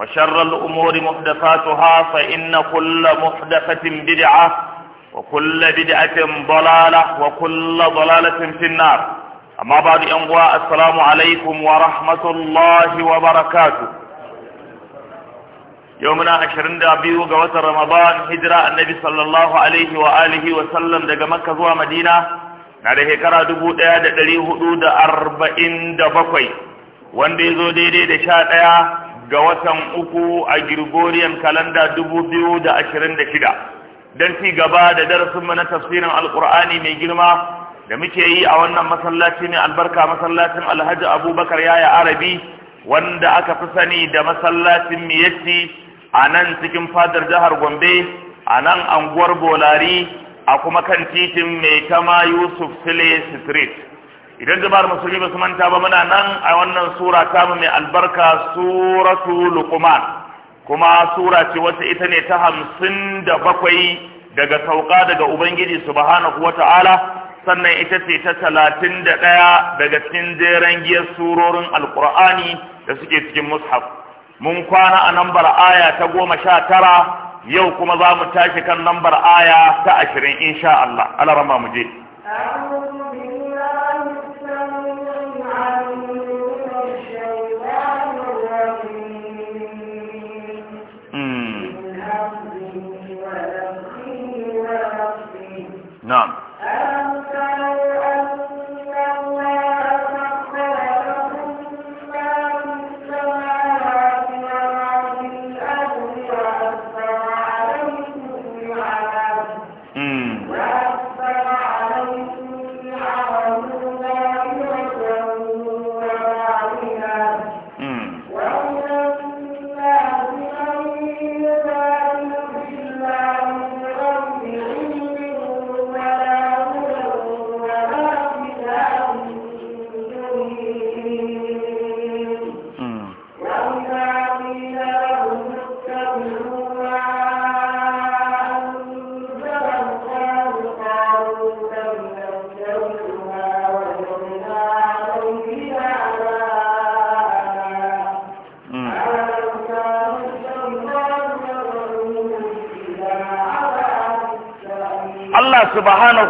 وشر الأمور محدثاتها فإن كل محدثة بدعة وكل بدعة ضلالة وكل ضلالة في النار أما بعد أنواع السلام عليكم ورحمة الله وبركاته يومنا عشرين دابيو قوات رمضان هجرة النبي صلى الله عليه وآله وسلم دقى مكة زوى مدينة نعده كرا دبو دا دليه دا أربعين دبقوي وان بيزو ديدي دا شاء ga watan uku a Gregorian kalanda dubu biyu da ashirin da shida don ci gaba da darasinmu na tafsirin alkur'ani mai girma da muke yi a wannan masallaci mai albarka masallacin alhaji abubakar yaya arabi wanda aka fi sani da masallacin miyatti a nan cikin fadar jihar gombe a nan anguwar bolari a kuma kan titin mai kama yusuf sile street idan jama'ar musulmi ba su manta ba muna nan a wannan sura ta mai albarka suratu luqman kuma sura ce wacce ita ne ta hamsin da bakwai daga sauka daga ubangiji subhanahu wata'ala sannan ita ce ta talatin da ɗaya daga cikin jeren giyar surorin alkur'ani da suke cikin mushaf mun kwana a nambar aya ta goma sha tara yau kuma za mu tashi kan nambar aya ta ashirin insha Allah Allah rama mu je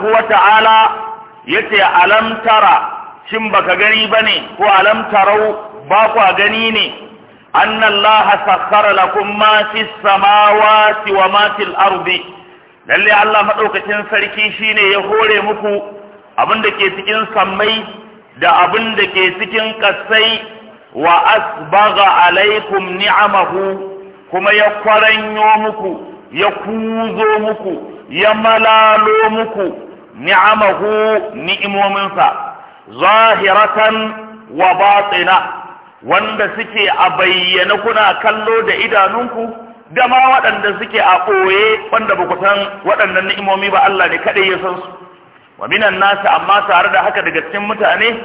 subhanahu wa ta'ala yace alam tara shin baka gani bane ko alam tarau ba ku gani ne anna Allah sakhkhara lakum ma fis samawati wa ma fil ardi lalle Allah madaukakin sarki shine ya hore muku abin da ke cikin sammai da abin da ke cikin kasai wa asbaga alaikum ni'amahu kuma ya kwaranyo muku ya kuzo muku ya malalo muku ni'amahu ni'imominsa zahiratan wa batina wanda suke a bayyana kuna kallo da idanunku da waɗanda suke a ɓoye wanda ba ku san waɗannan ni'imomi ba Allah ne kaɗai ya san su wa minan nasu amma tare da haka daga cikin mutane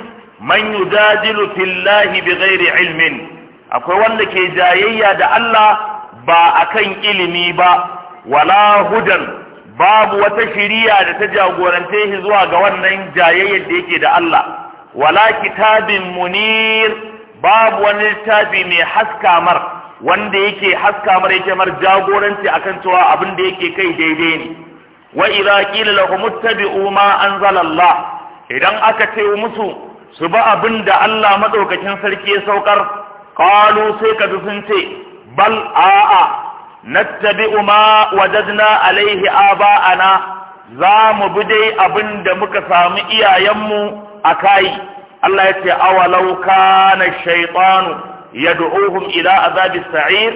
man yujadilu fillahi ghairi ilmin akwai wanda ke jayayya da Allah ba akan ilimi ba wala hudan babu wata shiriya da ta jagorance shi zuwa ga wannan jayayyar da yake da Allah wala kitabin munir babu wani littafi mai haskamar wanda yake haskamar yake mar jagoranci akan cewa abin da yake kai daidai ne wa idza qila lahum ittabi'u ma anzala Allah idan aka ce musu su ba abin da Allah madaukakin sarki ya saukar qalu sai ka sun ce bal a'a nattabi'u ma wajadna alaihi aba'ana za mu bi dai abin da muka samu iyayenmu a kai Allah ya ce awalau kana shaytanu yad'uhum ila azabi sa'ir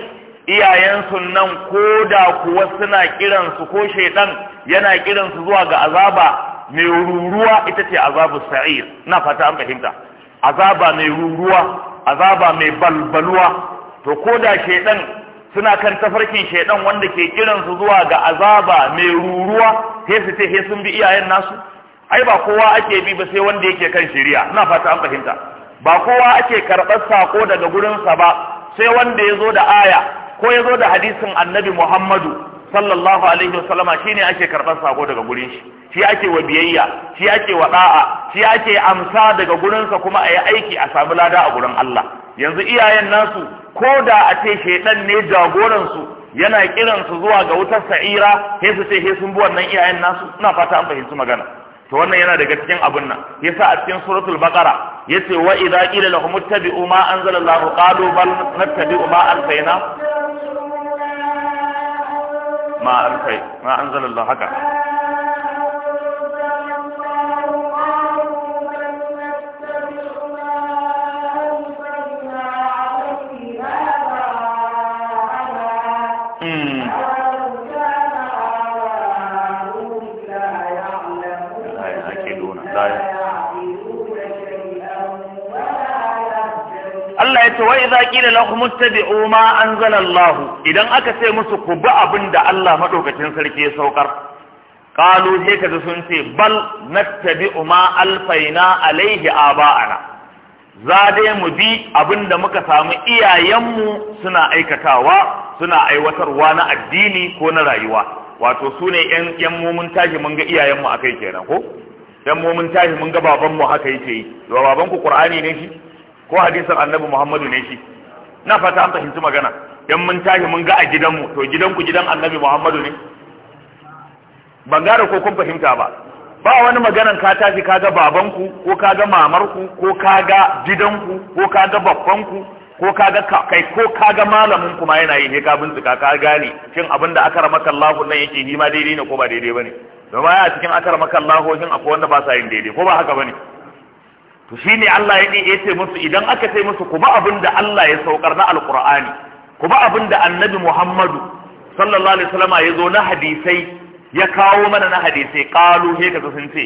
iyayensu nan koda kuwa suna kiran su ko shaytan yana kiran su zuwa ga azaba mai ruruwa ita ce azabu sa'ir na fata an fahimta azaba mai ruruwa azaba mai balbaluwa to koda shaytan suna kan tafarkin shaidan wanda ke kiransu zuwa ga azaba mai ruruwa He su ce sun bi iyayen nasu ai ba kowa ake bi ba sai wanda yake kan shari'a ina fata an fahimta ba kowa ake karɓar sako daga gurinsa ba sai wanda ya zo da aya ko ya zo da hadisin annabi muhammadu sallallahu alaihi wa wasallama shine ake karɓar sako daga gurin shi shi ake wa biyayya shi ake wa da'a shi ake amsa daga gurinsa kuma a yi aiki a samu lada a gurin Allah yanzu iyayen nasu ko da a ce shaidan ne jagoransu yana kiran su zuwa ga wutar sa'ira sai su ce sai sun bi wannan iyayen nasu ina fata an fahimci magana to wannan yana daga cikin abin nan yasa a cikin suratul baqara yace wa idza qila lahum ittabi'u ma anzalallahu qalu bal nattabi'u ma alfayna ما انزل الله حقا ce wa idza qila lahum ittabi'u ma anzala Allah idan aka ce musu ku bi abin da Allah madaukakin sarki ya saukar qalu sai kaga sun ce bal nattabi'u ma alfaina alaihi aba'ana za dai mu bi abin da muka samu iyayenmu suna aikatawa suna aiwatarwa na addini ko na rayuwa wato su ne yan yan mumun tashi mun ga iyayenmu akai kenan ko ƴan mumun tashi mun ga babanmu haka yake yi babanku qur'ani ne shi ko hadisin annabi muhammadu ne shi na fata an fahimci magana in mun tashi mun ga a gidanmu to gidanku gidan annabi muhammadu ne ban gane ko kun fahimta ba ba wani maganan ka tashi ka ga babanku ko ka ga mamarku ko ka ga gidanku ko ka ga babbanku ko ka ga kai ko ka ga malamin kuma yana yi ne ka bincika ka gane shin abin da aka ramaka Allahu nan yake ni ma daidai ne ko ba daidai bane domin a cikin aka ramaka Allahu shin akwai wanda ba sa yin daidai ko ba haka bane to shine Allah ya ne eh, ce musu idan aka ce musu kuma abin da Allah ya saukar na alqur'ani kuma abin da annabi Muhammadu sallallahu alaihi wasallama ya zo na hadisai ya kawo mana na hadisai qalu he kaza sun ce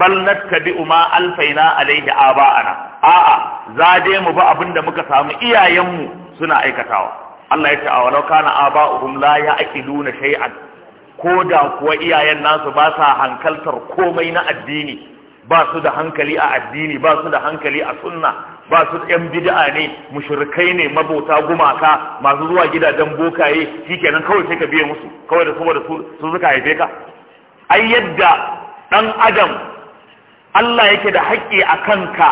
bal nattabi'u ma alfaina alaihi aba'ana a'a za dai mu ba abin da muka samu iyayenmu suna aikatawa Allah ya ce a walau kana aba'uhum la ya'qiluna shay'an ko da kuwa iyayen nasu ba sa hankaltar komai na addini ba su da hankali a addini ba su da hankali a sunna ba su yan bid'a ne mushrikai ne mabota gumaka masu zuwa gidajen bokaye shikenan kawai sai ka biya musu kawai da saboda su suka haife ka ai yadda ɗan adam Allah yake da haƙƙi a kanka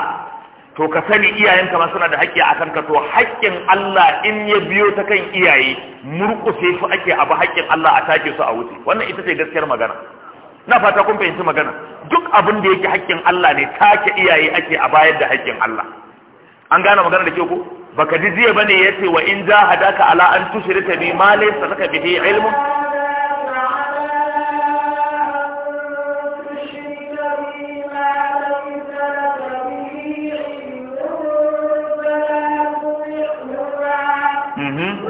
to ka sani iyayenka ma suna da haƙƙi a kanka to haƙƙin Allah in ya biyo ta kan iyaye murƙuse su ake abu haƙƙin Allah a take su a wuce wannan ita ce gaskiyar magana na fata kun fahimci magana duk abin da yake haƙƙin Allah ne take iyaye ake a bayar da haƙƙin Allah an gane magana da ke ku baka ji jiya bane yace wa in za hadaka ala an tushrika bi ma laysa laka bihi ilmun mm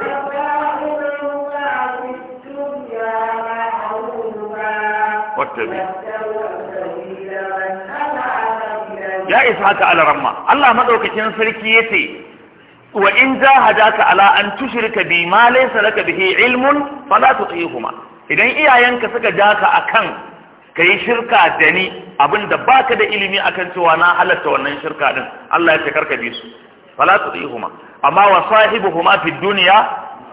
tabi ya isa haka alaramma Allah madaukakin sarki yace wa in jahadaka ala an tushrika bi ma laysa laka bihi ilmun fala kuma. idan iyayenka suka jaka akan kai shirka da ni abinda baka da ilimi akan cewa na halatta wannan shirka din Allah ya ce karka bi su fala kuma. amma wa sahibuhuma fi dunya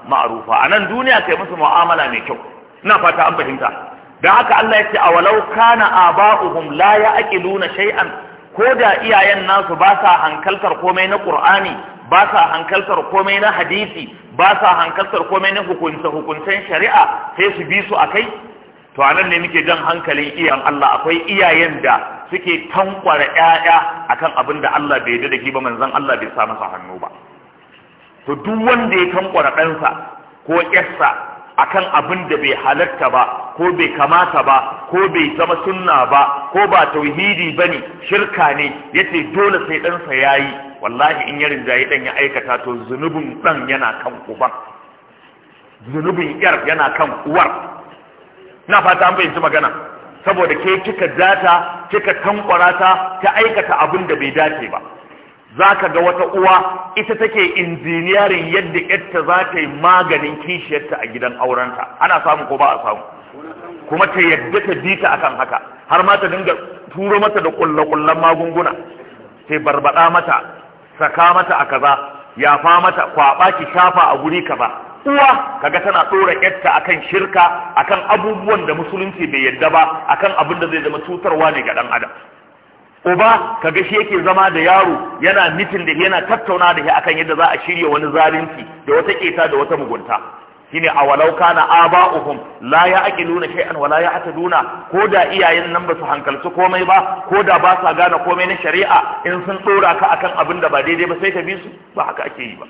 ma'rufa anan duniya kai musu mu'amala mai kyau ina fata an fahimta don haka Allah ya ce a walau kana aba'uhum la ya'qiluna shay'an ko da iyayen nasu ba sa hankaltar komai na ƙur'ani ba sa hankaltar komai na hadisi ba sa hankaltar komai na hukunce hukuncen shari'a sai su bi su kai. to nan ne muke jan hankalin iyayen Allah akwai iyayen da suke tankwara ƴaƴa akan abin da Allah bai yarda da shi ba manzon Allah bai sa masa hannu ba to duk wanda ya tankwara ɗansa ko ƴarsa akan abin da bai halarta ba ko bai kamata ba ko bai zama sunna ba ko ba tauhidi bane shirka ne yace dole sai ɗansa yayi wallahi in ya rinjaye dan ya aikata to zunubin dan yana kan uban zunubin yar yana kan uwar na fata an bayyana magana saboda ke kika data kika tankwara ta ta aikata abin da bai dace ba za ka ga wata uwa ita take injiniyarin yadda yadda za ta yi maganin kishiyarta a gidan aurenta ana samu ko ba a samu kuma ta yadda ta bi ta akan haka har ma ta dinga turo mata da kullakullan magunguna sai barbada mata saka mata a kaza yafa mata kwaba ki shafa a guri kaza uwa kaga tana ɗora yadda akan shirka akan abubuwan da musulunci bai yadda ba akan abin da zai zama cutarwa ne ga dan adam uba kaga shi yake zama da yaro yana mitin da yana tattauna da shi akan yadda za a shirya wani zalunci da wata keta da wata mugunta shine a walau kana aba'uhum la ya'qiluna shay'an wa la nuna? ko da iyayen nan ba su hankalci komai ba ko da ba sa gane komai na shari'a in sun tsora ka akan abin da ba daidai ba sai ka bi su ba haka ake yi ba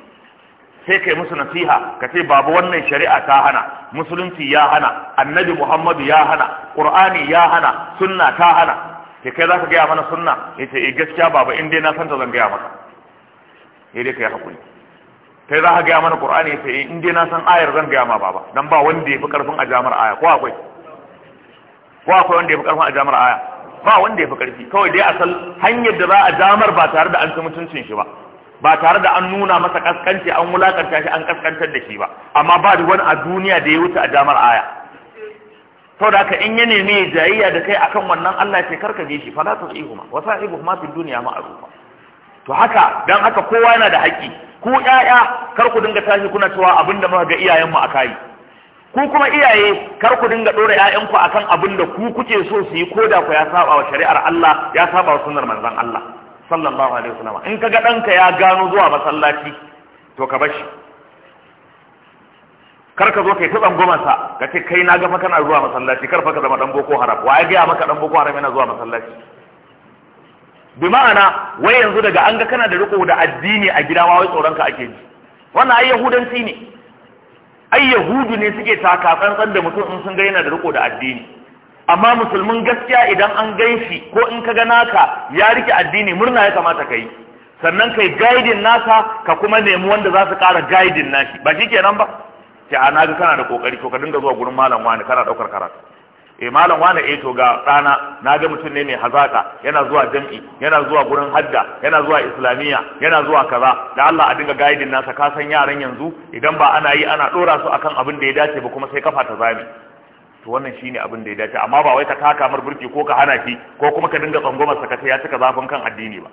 sai kai musu nasiha ka ce babu wannan shari'a ta hana musulunci ya hana annabi muhammadu ya hana qur'ani ya hana sunna ta hana ke kai za ka gaya mana sunna ya ce eh, gaskiya baba in dai na san ta zan gaya maka ya dai ka yi haƙuri kai za ka gaya mana qur'ani ya ce eh, in dai na san ayar zan gaya ma baba dan ba wanda ya fi ƙarfin a jamar aya ko akwai ko akwai wanda ya fi ƙarfin a jamar aya ba wanda ya fi ƙarfi kawai dai asal hanyar da za a jamar ba tare da an ci mutuncin shi ba ba tare da an nuna masa kaskanci an wulakanta shi an kaskantar da shi ba amma ba da wani a duniya da ya wuce a jamar aya saboda haka in ya nemi jayayya da kai akan wannan Allah ya ce karka bi shi fala tusihuma wa sahibuhuma fid dunya ma'rufa to haka dan haka kowa yana da haƙƙi ku ƴaƴa kar ku dinga tashi kuna cewa abinda muka ga iyayen mu akai ku kuma iyaye kar ku dinga dora ƴaƴan ku akan abinda ku kuke so su yi koda ku ya saba wa shari'ar Allah ya saba wa sunnar manzon Allah sallallahu alaihi wasallam in kaga danka ya gano zuwa masallaci to ka bar shi kar ka zo kai ta tsangwamar sa ka ce kai na gafa kana zuwa masallaci kar ka zama dan boko haram wa ya gaya maka dan boko haram yana zuwa masallaci bi ma'ana wai yanzu daga an ga kana da riko da addini a gida ma wai tsoron ka ake ji wannan ai yahudanci ne ai yahudu ne suke taka tsantsan da mutum in sun ga yana da riko da addini amma musulmin gaskiya idan an gan shi ko in ka ga naka ya rike addini murna ya kamata ka sannan kai guiding nasa ka kuma nemi wanda za su kara guiding nashi ba shi kenan ba ce a naga kana da kokari to ka dinga zuwa gurin malam wani kana daukar karatu eh malam wani eh to ga ɗana naga mutum ne mai hazaka yana zuwa jam'i yana zuwa gurin hadda yana zuwa islamiyya yana zuwa kaza da Allah a dinga guiding nasa ka san yaran yanzu idan ba ana yi ana dora su akan abin da ya dace ba kuma sai kafa ta zame to wannan shine abin da ya dace amma ba wai ka taka mar burki ko ka hana shi ko kuma ka dinga tsangoma sa ka ya cika zafin kan addini ba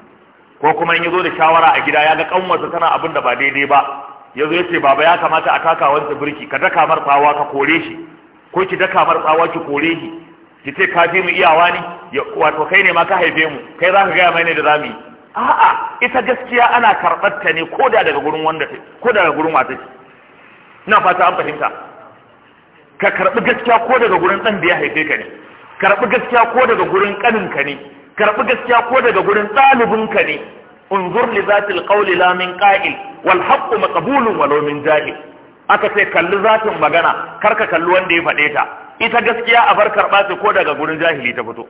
ko kuma in zo da shawara a gida ya ga kanwarsa tana abin da ba daidai ba ya zo ya ce baba ya kamata a taka wansa birki ka daka mar tsawa ka kore shi ko ki daka mar tsawa ki kore shi ki ce ka fi mu iyawa ne wato kai ne ma ka haife mu kai za ka gaya mai ne da zamu yi a'a ita gaskiya ana karɓar ta ne ko da daga gurin wanda ta ko daga gurin wata ce ina fata an fahimta ka karɓi gaskiya ko daga gurin ɗan da ya haife ka ne karɓi gaskiya ko daga gurin ƙaninka ne karɓi gaskiya ko daga gurin ɗalibinka ne unzur li zatil qawli la min qa'il wal haqqu maqbulun walau jahil aka ce kalli zatin magana kar ka kalli wanda ya faɗe ta ita gaskiya a bar karɓa ce ko daga gurin jahili ta fito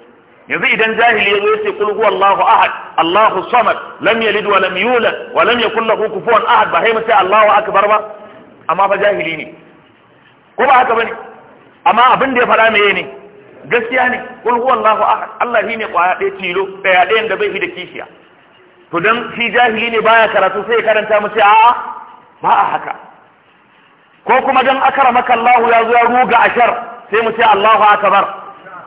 yanzu idan jahili ya zo yace kul huwallahu ahad allahu samad lam yalid wa lam yulad wa lam yakul lahu kufuwan ahad ba sai mu ce allahu akbar ba amma fa jahili ne ko ba haka bane amma abin da ya fara meye ne gaskiya ne kul Allahu ahad allah shine kwaya ɗaya tilo ɗaya ɗayan da bai da kishiya to dan shi jahili ne baya karatu sai ya karanta mu ce a'a ba a haka ko kuma don akramaka Allah ya zo ya ruga ashar sai mu ce Allahu akbar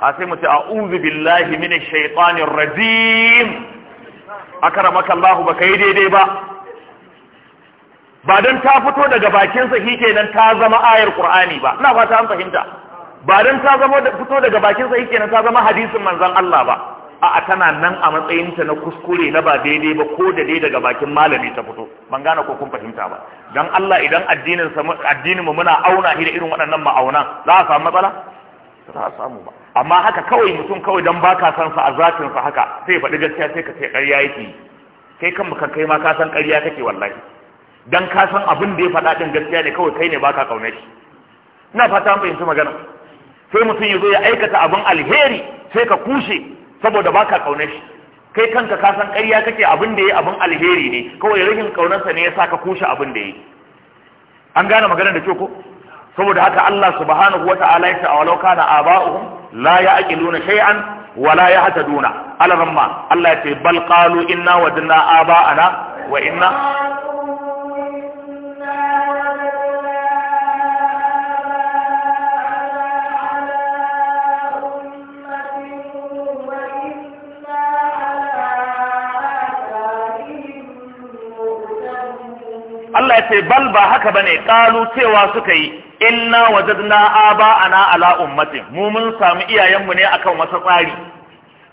a sai mu ce a'udhu billahi minash shaitanir rajim akramaka Allah baka yi daidai ba ba don ta fito daga bakinsa shi kenan ta zama ayar Qur'ani ba ina ba ta an fahimta ba don ta zama fito daga bakinsa shi kenan ta zama hadisin manzon Allah ba a'a tana nan a matsayinta na kuskure na ba daidai ba ko da dai daga bakin malami ta fito ban gane ko kun fahimta ba dan Allah idan addinin addinin mu muna auna shi da irin waɗannan ma'auna za a samu matsala za a samu ba amma haka kawai mutum kawai dan baka san sa a zatin sa haka sai faɗi gaskiya sai ka ce ƙarya yake kai kan kan kai ma ka san ƙarya kake wallahi dan ka san abin da ya faɗa din gaskiya ne kawai kai ne baka kauna shi ina fata an fahimci magana sai mutum ya zo ya aikata abin alheri sai ka kushe saboda baka kaunar shi kai kanka ka san ƙarya kake abin da ya yi abin alheri ne kawai rashin ƙaunarsa ne ya sa ka kushe abin da yayi an gane maganar da kyau ko saboda haka Allah subhanahu wa ta'ala ya ce walau kana aba'uhum la ya'qiluna shay'an wa la yahtaduna alaramma Allah ya ce bal qalu inna a aba'ana wa inna Allah ya ce bal ba haka bane qalu cewa suka yi inna wajadna ana ala ummati mu mun samu iyayenmu ne akan wata tsari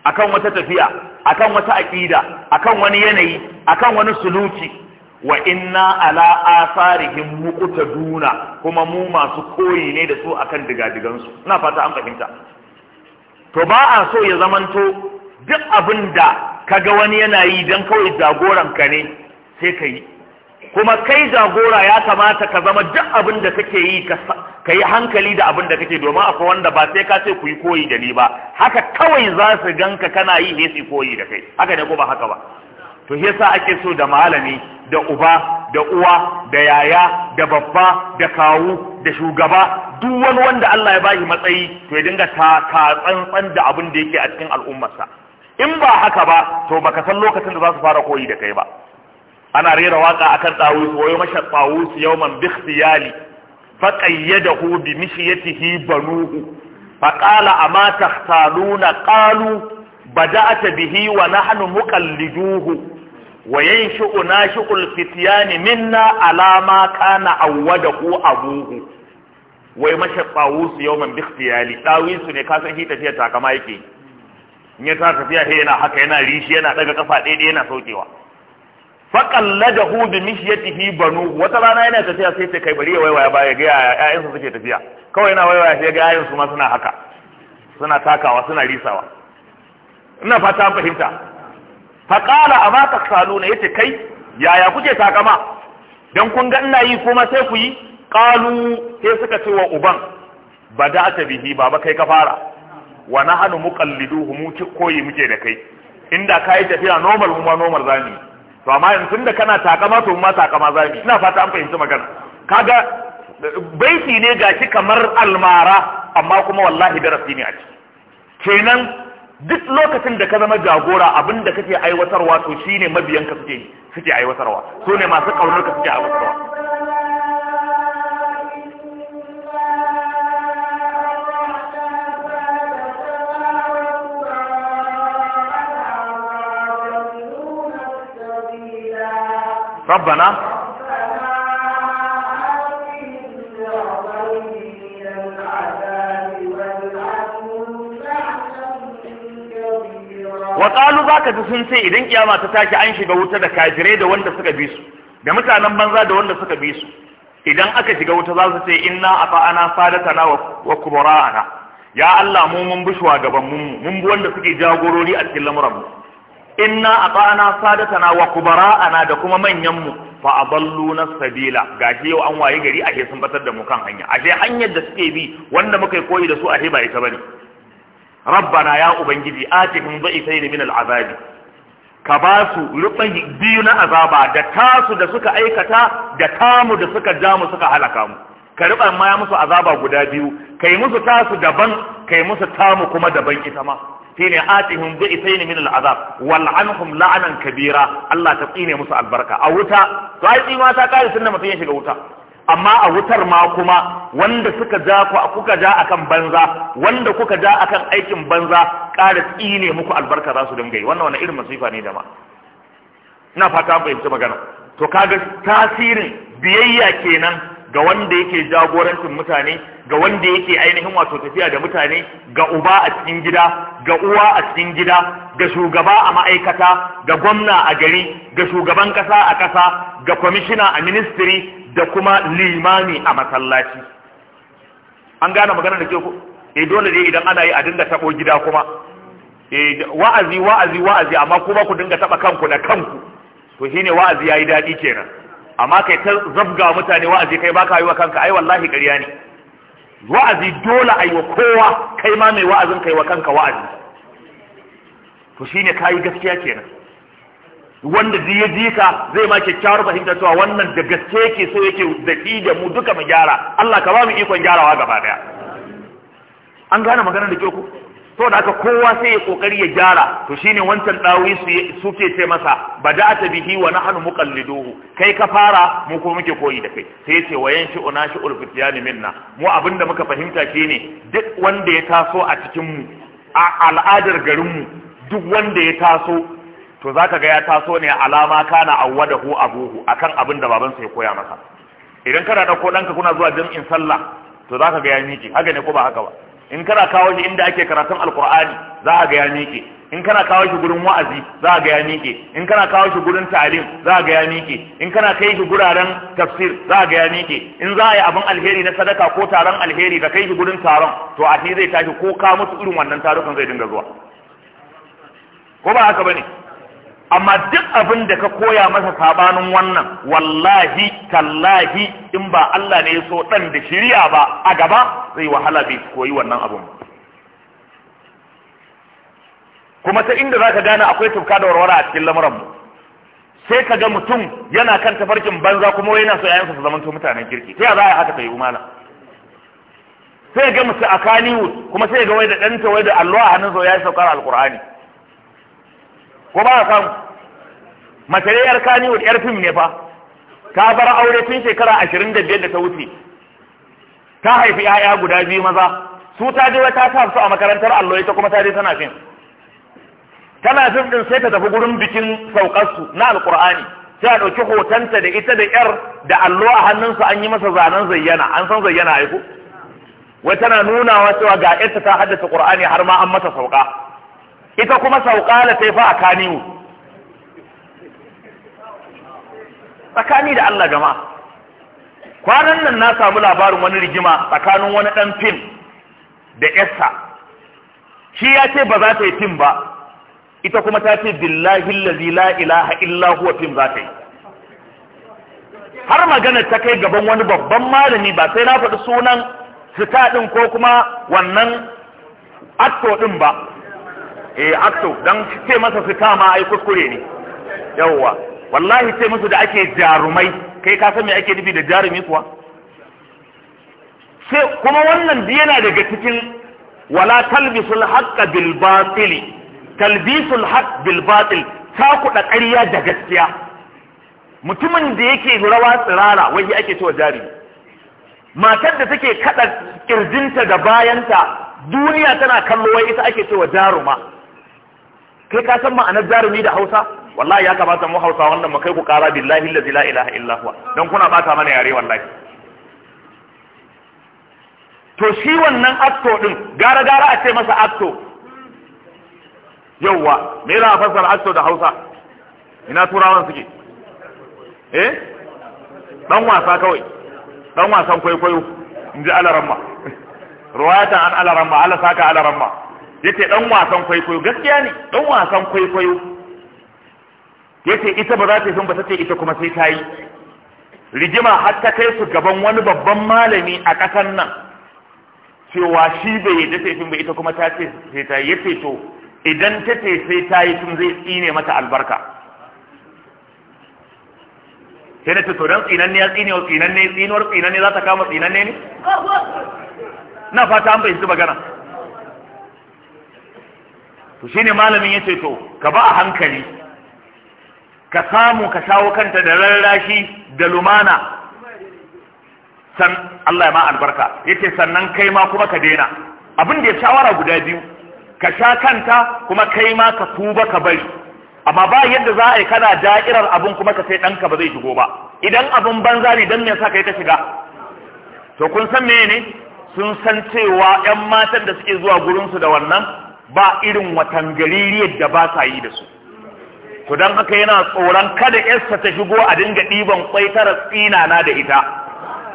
akan wata tafiya akan wata aqida akan wani yanayi akan wani suluki wa inna ala asarihim muqtaduna kuma mu masu koyi ne da su akan digadigan su ina fata an fahimta to ba a so ya zamanto duk abinda kaga wani yana yi dan kawai jagoran ka ne sai ka yi kuma kai jagora ya kamata ka zama duk abin da kake yi ka yi hankali da abin da kake domin akwai wanda ba sai ka ce ku yi koyi da ni ba haka kawai za su ganka kana yi ne su koyi da kai haka ne ko ba haka ba to yasa ake so da malami da uba da uwa da yaya da babba da kawu da shugaba duk wani wanda Allah ya bashi matsayi to ya dinga ta tsantsan da abin da yake a cikin al'ummarsa in ba haka ba to baka san lokacin da za su fara koyi da kai ba ana rera waka akan tawus wayo masha tawus yawman bi ikhtiyali fa qayyadahu bi mishiyatihi banuhu fa qala ama tahtaluna qalu bada'ata bihi wa nahnu muqalliduhu wa yanshu nashu al-fityani minna ala ma kana awwadahu abuhu wai masha tawus yawman bi ikhtiyali tawus ne ka san shi tafiya takama yake in ya ta tafiya he yana haka yana rishi yana daga kafa daidai yana saukewa faqalladahu bi mishyatihi banu wata rana yana tafiya sai ta kai bari ya waiwaya ba ya ga ƴaƴansu suke tafiya kawai yana waiwaya sai ya ga ƴaƴansu ma suna haka suna takawa suna risawa ina fata an fahimta ma amma na yace kai yaya kuke takama dan kun ga ina yi kuma sai ku yi qalu sai suka ce wa uban ta bihi baba kai ka fara wa nahnu muqalliduhu mu koyi muke da kai inda kai tafiya normal mu ma normal zamu to amma yanzu tunda kana takama to ma takama mu ina fata an fahimci magana kaga baiti ne gashi kamar almara amma kuma wallahi darasi ne a ciki kenan duk lokacin da ka zama jagora abin da kake aiwatarwa to shine mabiyanka suke suke aiwatarwa so masu kaunar ka suke aiwatarwa ربنا wakalu za ka sun ce idan kiyama ta tashi an shiga wuta da kafirai da wanda suka bi su da mutanen banza da wanda suka bi su idan aka shiga wuta za su ce inna afa ta na wa kubara'ana ya Allah mu mun bi gaban mu mun bi wanda suke jagorori a cikin lamuran mu inna a ata'ana sadatana wa kubara'ana da kuma manyan mu fa na sabila gashi yau an waye gari ashe sun batar da mu kan hanya ashe hanyar da suke bi wanda muka yi koyi da su ashe ba ita bane rabbana ya ubangiji sai da min al'azabi ka ba su rubin biyu na azaba da tasu da suka aikata da tamu da suka ja mu suka halaka mu ka rufa ma ya musu azaba guda biyu kai musu tasu daban kai musu tamu kuma daban ita ma shine atihim bi isaini min al'azab wal anhum kabira Allah ta tsine musu albarka a wuta to ai tsima ta kare sunna mutun ya shiga wuta amma a wutar ma kuma wanda suka ja ku kuka ja akan banza wanda kuka ja akan aikin banza kare tsine muku albarka za su dinga yi wannan wani irin masifa ne da ma ina fata an fahimci magana to kaga tasirin biyayya kenan ga wanda yake jagorancin mutane ga wanda yake ainihin wato tafiya da mutane ga uba a cikin gida ga uwa a cikin gida ga shugaba a ma'aikata ga gwamna a gari ga shugaban kasa a kasa ga kwamishina a ministry da kuma limami a masallaci an gane magana da ke ku eh dole ne idan ana yi a dinga tabo gida kuma eh wa'azi wa'azi wa'azi amma kuma ku dinga taba kanku da kanku to shine wa'azi yayi dadi kenan amma kai ta zabga mutane wa'azi kai baka yi wa kanka ai wallahi ƙarya ne wa'azi dole a yi wa kowa kai ma mai wa'azin kai wa kanka wa'azi to shine kayi gaskiya kenan wanda zai ya ji zai ma kyakkyawar fahimtar cewa wannan da gaske yake so yake da da mu duka mu gyara Allah ka ba mu ikon gyarawa gaba daya an gane magana da kyau ku so da aka kowa sai ya kokari ya gyara to shine wancan dawi su suke ce masa bada'ata bihi wa nahnu muqalliduhu kai ka fara mu ko muke koyi da kai sai ya ce wa yanshi unashi ulfitiyani minna mu abinda muka fahimta shine duk wanda ya taso a cikin mu a al'adar garin mu duk wanda ya taso to zaka ga ya taso ne alama kana awwadahu abuhu akan abinda sa ya koya masa idan kana dauko danka kuna zuwa jam'in sallah to zaka ga ya miki haka ne ko ba haka ba in kana kawo shi inda ake karatun alkur'ani za a ga ya miƙe in kana kawo shi gurin wa'azi za a ga miƙe in kana kawo shi gurin ta'alim za a ga miƙe in kana kai shi guraren tafsir za a ga miƙe in za a yi abin alheri na sadaka ko taron alheri ka kai shi gurin taron to a zai tashi ko ka musu irin wannan tarukan zai dinga zuwa ko ba haka bane amma duk abin da ka koya masa sabanin wannan wallahi tallahi in ba Allah ne ya so dan da shirya ba a gaba zai wahala bai koyi wannan abun kuma ta inda zaka gane akwai tufka da warwara a cikin lamuran mu sai ka ga mutum yana kan tafarkin banza kuma yana so yayansa su zamanto mutanen kirki ta ya za a haka ta yi umala sai ga mutu a kaniwood kuma sai ga wai da ɗanta wai da alluwa a hannun ya yi saukar alkur'ani ko ba a samu mataliyar kaniwood yar fim ne fa Ta bar aure tun shekara ashirin da biyar da ta wuce ta haifi 'ya'ya guda biyu maza su ta je ta sa su a makarantar allo ita kuma ta je tana fin tana fin din sai ta tafi gurin bikin saukarsu na alkur'ani sai a ɗauki hotonta da ita da yar da allo a hannunsu an yi masa zanen zayyana an san zayyana aiko wai tana nuna wa cewa ga yarta ta haddasa ƙur'ani har ma an mata sauka ita kuma sauka da ta fa a kaniwu tsakani da Allah gama kwanan nan na samu labarin wani rigima tsakanin wani dan fim da Esther shi ya ce ba za ta yi fim ba ita kuma ta ce billahi allazi la ilaha huwa fim za ta yi har magana ta kai gaban wani babban malami ba sai na faɗi sunan sita ɗin ko kuma wannan akto ɗin ba eh akto don ce masa sita ma ai kuskure ne yawwa wallahi sai musu da ake jarumai kai ka san me ake nufi da jarumi kuwa sai kuma wannan yana daga cikin wala talbisul haqqa bil batil talbisul haqq bil batil ta kuɗa ƙarya da gaskiya mutumin da yake rawa tsirara wai ake cewa jarumi matar da take kada kirjinta da bayanta duniya tana kallo wai ita ake cewa jaruma kai ka san ma'anar jarumi da Hausa wallahi ya kamata mu hausa wannan mu kai ku kara billahi allazi la ilaha illa huwa kuna bata mana yare wallahi to shi wannan akto din gara gara a ce masa akto yawa me za a fassara akto da Hausa ina turawan suke eh dan wasa kawai dan wasan kwaikwayo in ji alaramma ruwata an alaramma ala saka alaramma yace dan wasan kwaikwayo gaskiya ne dan wasan kwaikwayo yace ita ba za ta yi ba ta ce ita kuma sai ta yi rigima har ta kai su gaban wani babban malami a ƙasar nan cewa shi bai yi dace sun ba ita kuma ta ce sai ta yi ce to idan ta ce sai ta yi sun zai tsine mata albarka sai ce to don tsinan ne ya tsine wa tsinan ne tsinuwar tsinan ne za ta kama tsinan ne ne na fata an bai magana to shine malamin ya ce to ka ba a hankali ka samu ka shawo kanta da rarrashi da lumana san Allah ya ma albarka yace sannan kai ma kuma ka daina abin da ya shawara guda biyu ka sha kanta kuma kai ma ka tuba ka bari amma ba yadda za a yi kana da'irar abin kuma ka sai ɗanka ba zai shigo ba idan abin banza ne don me yasa kai ta shiga to kun san me ne sun san cewa yan matan da suke zuwa gurin su da wannan ba irin watan gaririyar da ba sa yi da su to don haka yana tsoron kada yarsa ta shigo a dinga ɗiban kwai tara na da ita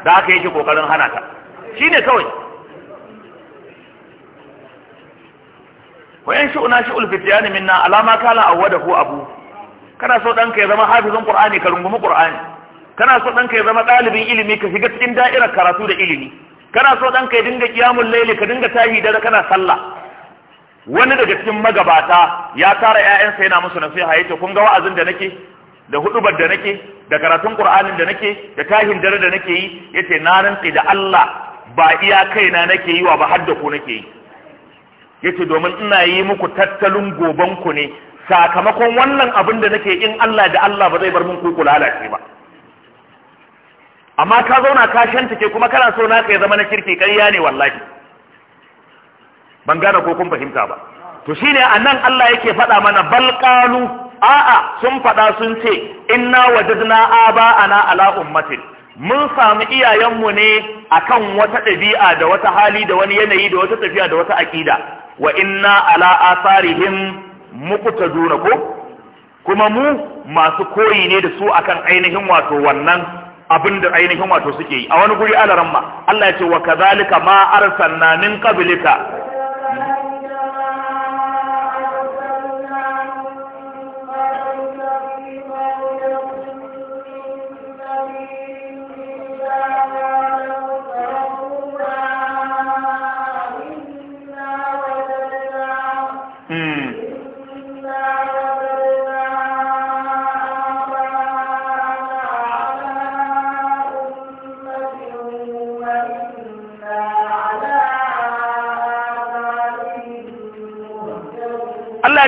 da haka yake kokarin hana ta shi ne kawai wayan shi una shi ulfitiyani minna alama kala awwada ko abu kana so ɗanka ya zama hafizan qur'ani ka rungumi qur'ani kana so ɗanka ya zama ɗalibin ilimi ka shiga cikin da'irar karatu da ilimi kana so ɗanka ya dinga kiyamun laili ka dinga tahi da kana sallah wani daga cikin magabata ya tara ƴaƴansa yana musu nasiha yace kun ga wa'azin da nake da hudubar da nake da karatun qur'anin da nake da tahin dare da nake yi yace na rantsi da Allah ba iya kaina nake yi wa ba har da ku nake yi yace domin ina yi muku tattalin goban ku ne sakamakon wannan abin da nake in Allah da Allah ba zai bar mun ku lalace ba amma ka zauna ka shantake kuma kana so na ya zama na kirki ƙarya ne wallahi ban gane ko kun fahimta ba to shine anan Allah yake faɗa mana balqalu a'a sun faɗa sun ce inna wajadna aba'ana ala ummatin mun samu iyayenmu ne akan wata ɗabi'a da wata hali da wani yanayi da wata tafiya da wata aƙida wa inna ala asarihim muqtaduna ko kuma mu masu koyi ne da su akan ainihin wato wannan abin da ainihin wato suke yi a wani guri alaramma Allah ya ce wa kazalika ma arsalna min qablika Thank you.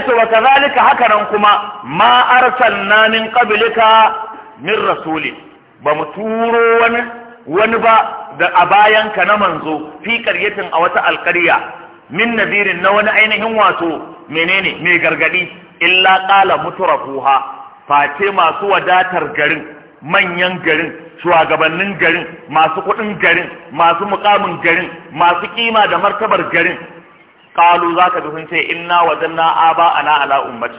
ce wa kazalika haka nan kuma ma arsalna min qablika min rasuli ba mu turo wani wani ba da a ka na manzo fi qaryatin a wata alƙarya min nadirin na wani ainihin wato menene mai gargadi illa qala mutrafuha face masu wadatar garin manyan garin shugabannin garin masu kuɗin garin masu mukamin garin masu kima da martabar garin qalu zaka bi sun ce inna wajanna aba ana ala ummati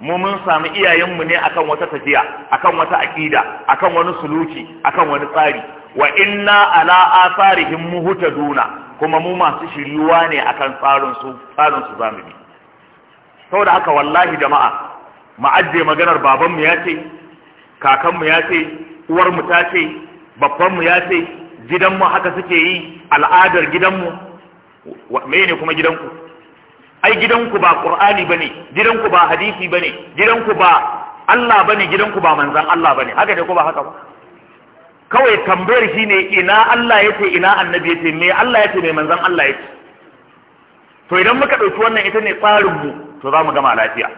mu mun samu iyayenmu ne akan wata tafiya akan wata aƙida, akan wani suluki akan wani tsari wa inna ala asarihim muhtaduna kuma mu masu shiryuwa ne akan tsarin su tsarin su zamu bi saboda haka wallahi jama'a ma'ajje maganar babanmu ya ce mu yace, ce mu ta ce babbanmu ya ce gidanmu haka suke yi al'adar gidanmu me ne kuma gidanku ai gidanku ba qur'ani bane gidanku ba hadisi bane gidanku ba Allah bane gidanku ba manzan Allah bane haka ne ko ba haka ba kawai tambayar shine ina Allah yace ina annabi yace me Allah yace me manzan Allah yace to idan muka dauki wannan ita ne tsarin mu to za mu gama lafiya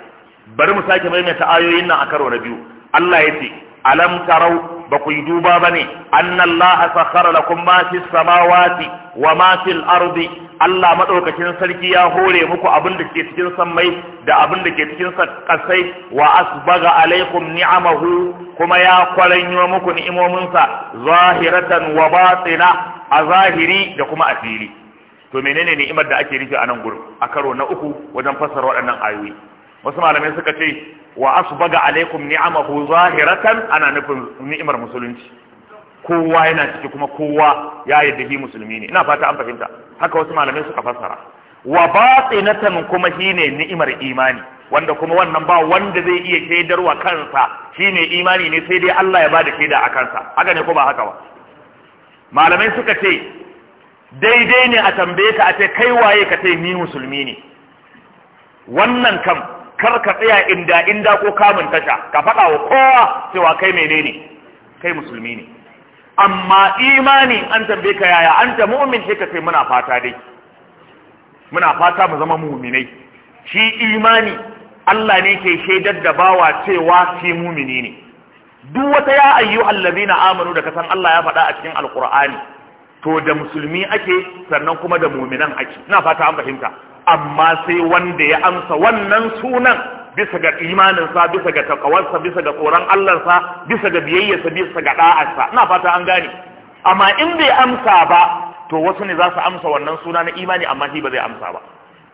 bari mu sake maimaita ayoyin nan a karo na biyu Allah yace alam tarau ba ku yi duba bane annallaha sakhara lakum ma fis samawati wa ma fil ardi Allah madaukakin sarki ya hore muku abin da ke cikin sammai da abin da ke cikin kasai wa asbaga alaikum ni'amahu kuma ya kwaranyo muku ni'imominsa zahiratan wa batina a zahiri da kuma a fili to menene ni'imar da ake nufi a nan gurin a karo na uku wajen fassara waɗannan ayoyi wasu malamai suka ce wa asbaga alaikum ni'amahu zahiratan ana nufin ni'imar musulunci kowa yana ciki kuma kowa ya yadda musulmi ne ina fata an fahimta haka wasu malamai suka fassara wa batinatan kuma shine ni'imar imani wanda kuma wannan ba wanda zai iya shaidarwa kansa shine imani ne sai dai Allah ya bada shaida a kansa haka ne ko ba haka ba malamai suka ce daidai ne a tambaye ka a ce kai waye ka ce ni musulmi ne wannan kam kar ka tsaya inda inda ko kamun tasha ka faɗa wa kowa cewa kai menene kai musulmi ne amma imani an tambaye ka yaya an ta mu'min sai ka muna fata dai muna fata mu zama mu'minai shi imani Allah ne ke shaidar da bawa cewa shi mu'mini ne duk wata ya ayyu allazina amanu da kasan Allah ya faɗa a cikin alqur'ani to da musulmi ake sannan kuma da mu'minan ake ina fata an fahimta amma sai wanda ya amsa wannan sunan bisa ga imaninsa bisa ga takawarsa bisa ga tsoron Allahnsa bisa ga biyayyarsa bisa ga ɗa'arsa. ina fata an gane amma in bai amsa ba to wasu ne za su amsa wannan suna na imani amma shi ba zai amsa ba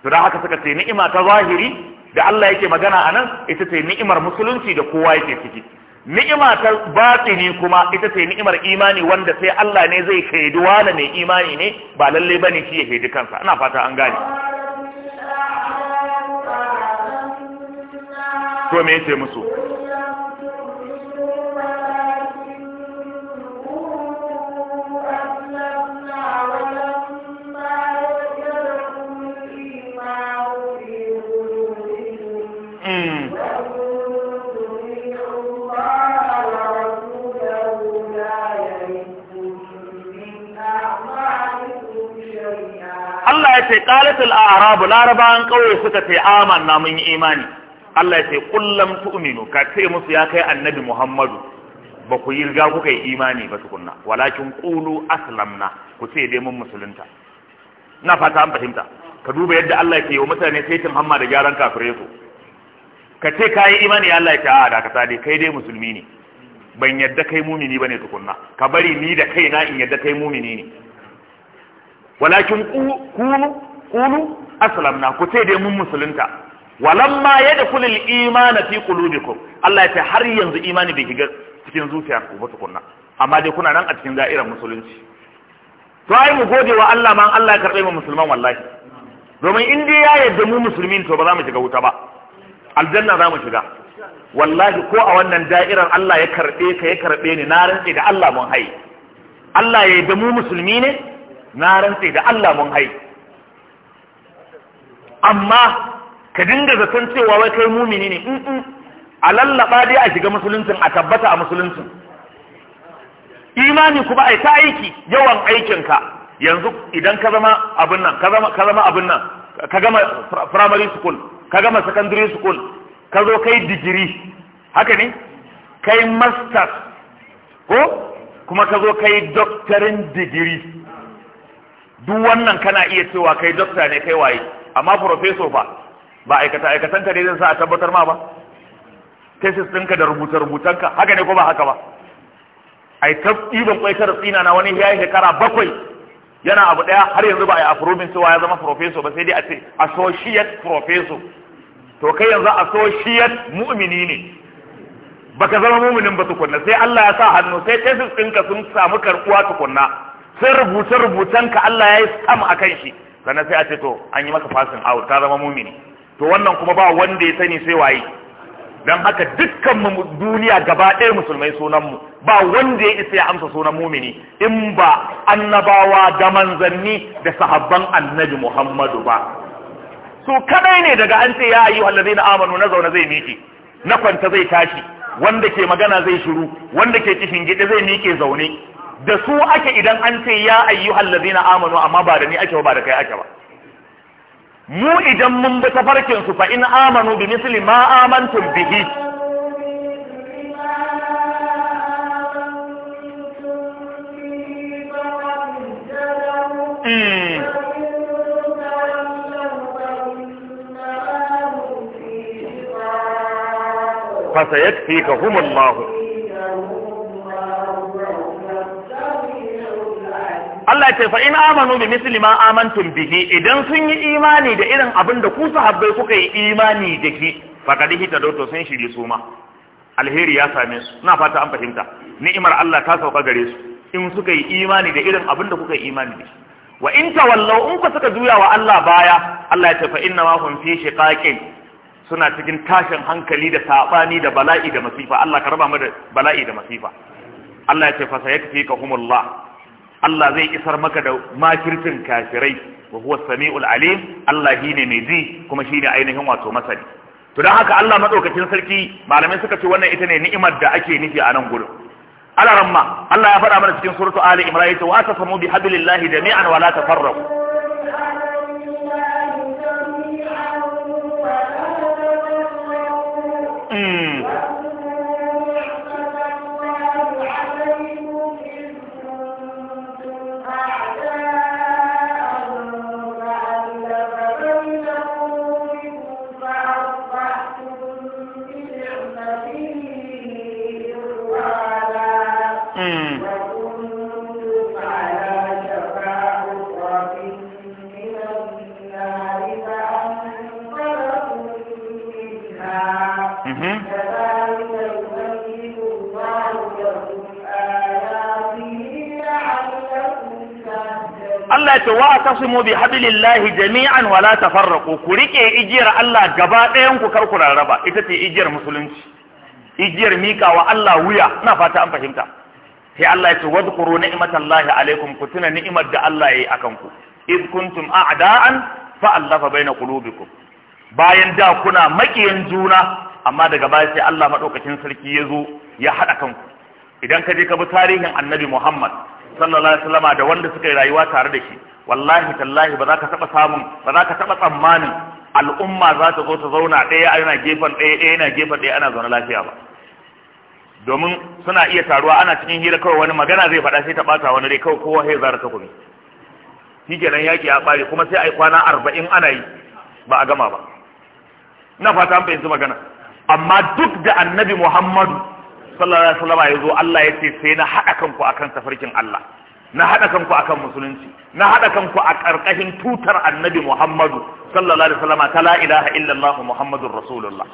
to da haka suka ce ni'ima ta zahiri da Allah yake magana anan ita ce ni'imar musulunci da kowa yake ciki ni'ima ta batini kuma ita ce ni'imar imani wanda sai Allah ne zai shaidu wala mai imani ne ba lalle bane shi ya shaidi kansa ina fata an gane ko me yace musu Allah ya ce qalatul a'rabu larabawan ƙauye suka ce na mun yi imani Allah ya ce kullam tu'minu ka ce musu ya kai annabi Muhammadu ba ku yi riga kuka yi imani ba tukunna walakin qulu aslamna ku ce dai mun musulunta ina fata an fahimta ka duba yadda Allah yake yi wa mutane sai muhammad da gyaran kafire su ka ce ka yi imani Allah ya ce a da ka sade kai dai musulmi ne ban yadda kai mumini bane tukunna ka bari ni da kaina in yadda kai mumini ne walakin qulu qulu aslamna ku ce dai mun musulunta walamma da kulil iman fi qulubikum Allah ya ce har yanzu imani bai shiga cikin zuciya ku ba tukunna amma dai kuna nan a cikin da'irar musulunci to ai mu gode wa Allah man Allah ya karbe mu musulman wallahi domin in dai ya yarda mu musulmin to ba za mu shiga wuta ba aljanna za mu shiga wallahi ko a wannan da'irar Allah ya karbe ka ya karbe ni na rantsi da Allah mun hai Allah ya yarda mu musulmi ne na rantsi da Allah mun hai amma ka dinga zaton cewa wai kai mumini ne in a lallaba dai a shiga musuluncin a tabbata a musuluncin imani kuma ai ta aiki yawan aikinka yanzu idan ka zama abin nan ka zama ka zama abin nan ka gama primary school ka gama secondary school ka zo kai digiri haka ne kai masters ko kuma ka zo kai doctorin digiri duk wannan kana iya cewa kai doctor ne kai waye amma professor fa ba aikata aikatan ka ne zai sa a tabbatar ma ba Tesis ɗinka da rubuta rubutanka haka ne ko ba haka ba ai ta ɗiban kwai kar tsina na wani yayi shekara bakwai yana abu ɗaya har yanzu ba a yi approving cewa ya zama professor ba sai dai a ce associate professor to kai yanzu associate mu'mini ne baka zama mu'minin ba tukunna sai Allah ya sa hannu sai tesis ɗinka sun samu karɓuwa tukunna sai rubuce ka Allah ya yi sam a kan shi sannan sai a ce to an yi maka fasin out ta zama mumini to wannan kuma ba wanda ya sani sai waye dan haka dukkan mu duniya gaba ɗaya musulmai sunan mu ba wanda ya isa ya amsa sunan mumini in ba annabawa da manzanni da sahabban annabi Muhammadu ba su kadai ne daga an ce ya ayu allazina amanu na zauna zai miki na kwanta zai tashi wanda ke magana zai shiru wanda ke cikin gida zai miƙe zaune da su ake idan an ce ya ayyuhal ladina amanu amma ba da ni ake ba da kai ake ba mu idan mun bi tafarkin su fa in amanu bi misli ma amantum bihi فسيكفيكهم hmm. الله Allah ce fa in amanu bi misli ma amantum bihi idan sun yi imani da irin abin da ku sahabbai kuka yi imani da ki faqad hitadautu sun shiri su ma alheri ya same su ina fata an fahimta ni'imar Allah ta sauka gare su in suka yi imani da irin abin da kuka yi imani da shi wa in tawallau in ku suka juya wa Allah baya Allah ya ce fa inna ma hum fi shiqaqin suna cikin tashin hankali da sabani da bala'i da masifa Allah ka raba mu da bala'i da masifa Allah ya ce fa sayakfikahumullah Allah zai isar maka da makircin kafirai wa huwa sami'ul alim Allah shine mai ji kuma shine ainihin wato masani to dan haka Allah madaukakin sarki malamai suka ce wannan ita ne ni'imar da ake nufi a nan gurin ramma Allah ya faɗa mana cikin suratu ali imran yace wa tasamu bi hablillahi jami'an wa la tafarraqu Mm. Allah ce wa mu bi hablillahi jami'an wala tafarraqu ku rike igiyar Allah gaba ɗayan ku kar ku rarraba ita ce igiyar musulunci igiyar mika wa Allah wuya ina fata an fahimta sai Allah ya ce wadhkuru ni'matallahi alaikum ku tuna ni'imar da Allah yayi akan ku id kuntum a'da'an fa allafa baina qulubikum bayan da kuna makiyan juna amma daga baya sai Allah madaukakin sarki ya zo ya hada kanku idan ka je ka bi tarihin Annabi Muhammad sallallahu alaihi wasallama da wanda suka yi rayuwa tare da shi wallahi tallahi ba za ka taba samun ba za ka taba tsammanin al'umma za ta zo ta zauna ɗaya ana gefen ɗaya ɗaya yana gefen ɗaya ana zaune lafiya ba domin suna iya taruwa ana cikin hira kawai wani magana zai faɗa sai ta ɓata wani rai kawai kowa sai zara takumi shi kenan yaƙi ya ɓare kuma sai a yi kwana arba'in ana yi ba a gama ba ina fata an fahimci magana amma duk da annabi muhammadu sallallahu alaihi wasallam ya zo Allah ya ce sai na haɗa kanku akan tafarkin Allah na haɗa kanku akan musulunci na haɗa kanku a ƙarƙashin tutar annabi Muhammadu sallallahu alaihi wasallam ta la ilaha illallah Muhammadur rasulullah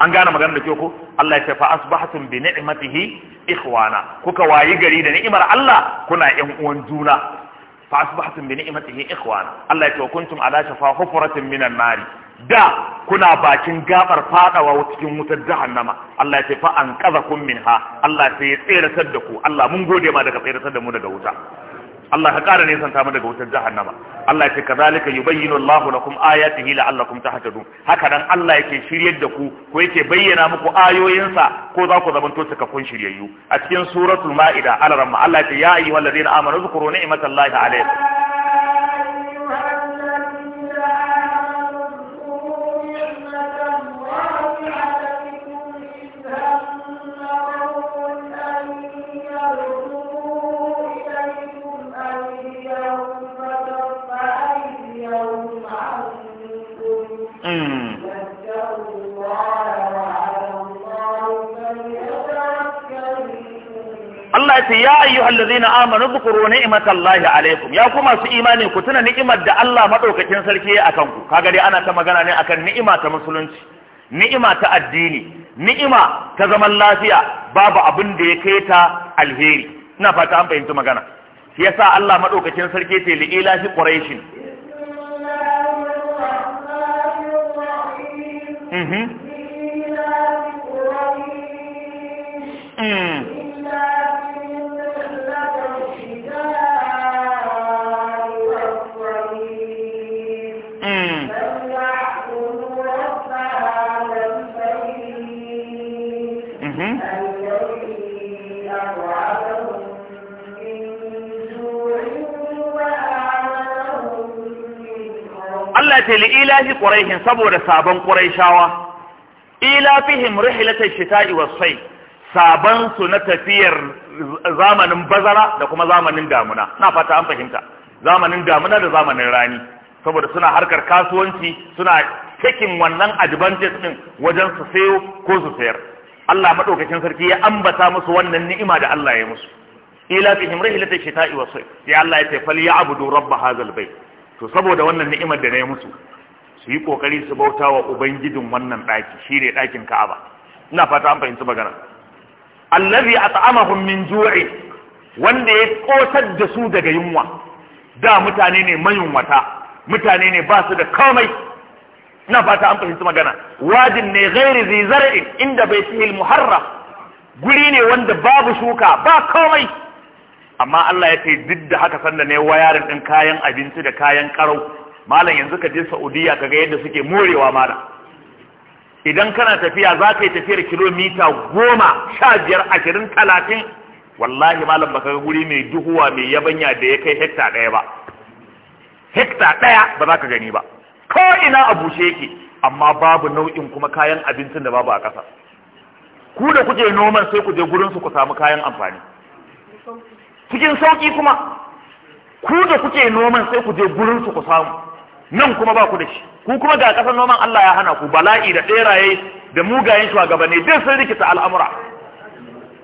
an gane magana da ke ko Allah ya ce fa asbahatum bi ni'matihi ikhwana kuka wayi gari da ni'imar Allah kuna ƴan uwan juna fa asbahatum bi ni'matihi ikhwana Allah ya ce kuntum ala shafa hufratin minan nari da kuna bakin gabar fadawa cikin wutar jahannama Allah ya ce fa an qazakum minha Allah sai ya tseratar da ku Allah mun gode ma daga tseratar da mu daga wuta Allah ka ƙara ne santa mu daga wutar jahannama Allah ya ce kazalika yubayyinu Allahu lakum ayatihi la'allakum tahtadun haka dan Allah yake shiryar da ku ko yake bayyana muku ayoyinsa ko za ku zamanto cikakkun shiryayyu a cikin suratul ma'ida al Allah ya ce ya ayyuhallazina amanu zkuru ni'matallahi alaykum ce ya ayyuhal ladzina amanu dhkuru lahi alaikum ya kuma su imani ku tuna ni'imar da Allah madaukakin sarki ya akan ku kaga dai ana ta magana ne akan ni'ima ta musulunci ni'ima ta addini ni'ima ta zaman lafiya babu abin da ya kai ta alheri ina fata an fahimci magana shi yasa Allah madaukakin sarki ce li ilahi quraishin mhm, mhm. Allah ce li ilahi quraihin saboda sabon quraishawa ilafihim rihlatash shita'i was-sayf saban su na tafiyar zamanin bazara da kuma zamanin damuna na fata an fahimta zamanin damuna da zamanin rani saboda suna harkar kasuwanci suna cikin wannan advantage din wajen su sayo ko su sayar Allah madaukakin sarki ya ambata musu wannan ni'ima da Allah ya musu ila bihim rihlatash shita'i was-sayf ya Allah ya ce fal ya'budu rabb hadzal bayt to saboda wannan ni'imar da na musu su yi kokari su bauta wa ubangijin wannan ɗaki shi ne ɗakin ka'aba ina fata an fahimci magana allazi at'amahum min ju'i wanda ya kosar da su daga yunwa da mutane ne mayunwata mutane ne ba su da komai ina fata an fahimci magana wajin ne ghairi zi inda baitihil muharraf guri ne wanda babu shuka ba komai amma Allah ya ce duk da haka sanda ne wayarin din kayan abinci da kayan karau malam yanzu ka je Saudiya kaga yadda suke morewa malam idan kana tafiya za ka yi tafiyar kilomita goma sha biyar ashirin talatin wallahi malam baka ga guri mai duhuwa mai yabanya da ya kai hekta ɗaya ba hekta ɗaya ba za ka gani ba ko ina a bushe yake amma babu nau'in kuma kayan abincin da babu a ƙasa ku da kuke noman sai ku je gurin su ku samu kayan amfani cikin sauƙi kuma ku da kuke noman sai ku je gurin su ku samu nan kuma ba ku da shi ku kuma ga ƙasar noman Allah ya hana ku bala'i da ɗeraye da mugayen shugabanni duk sun rikita al'amura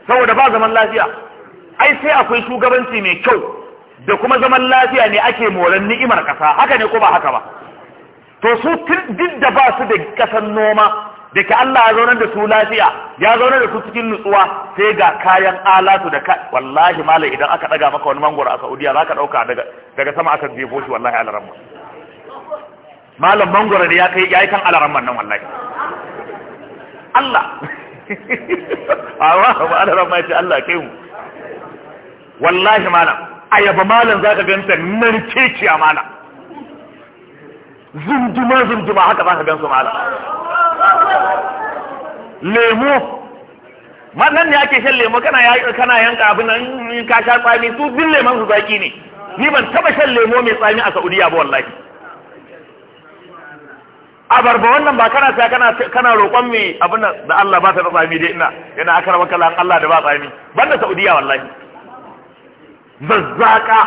saboda ba zaman lafiya ai sai akwai shugabanci mai kyau da kuma zaman lafiya ne ake moran ni'imar ƙasa haka ne ko ba haka ba to su duk da ba su da ƙasar noma da Allah ya zaunar da su lafiya ya zaunar da su cikin nutsuwa sai ga kayan alatu da kai wallahi malai idan aka daga maka wani mangoro a Saudiya za dauka daga daga sama aka jefo shi wallahi alaramma malam mangoro da ya kai yayi kan alaramman nan wallahi Allah Awa, ba alaramma ce Allah kai mu wallahi malam ayaba malam zaka ganta narkeciya malam zunduma zunduma haka zaka gansu malam Lemu, nan ne ake shan lemu, kana kana yanka abin nan in ka sha tsami su bin leman su zaki ne ni ban taba shan lemo mai tsami a Saudiya ba wallahi a barba wannan ba kana sa kana kana roƙon me abin da Allah ba ta tsami dai ina yana aka raba kallan Allah da ba tsami banda Saudiya wallahi zazzaka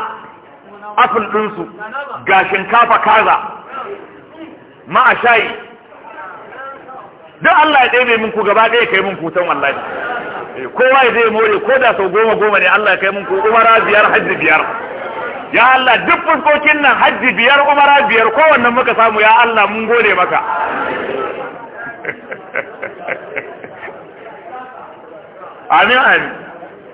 afin dinsu ga shinkafa kaza ma'a shayi duk Allah ya ɗebe min ku gaba ɗaya kai min kutan wallahi eh, kowa ya zai more ko da sau goma goma ne Allah ya kai min ku umara biyar hajji biyar ya Allah duk fuskokin nan hajji biyar umara biyar kowannen muka samu ya Allah mun gode maka amin amin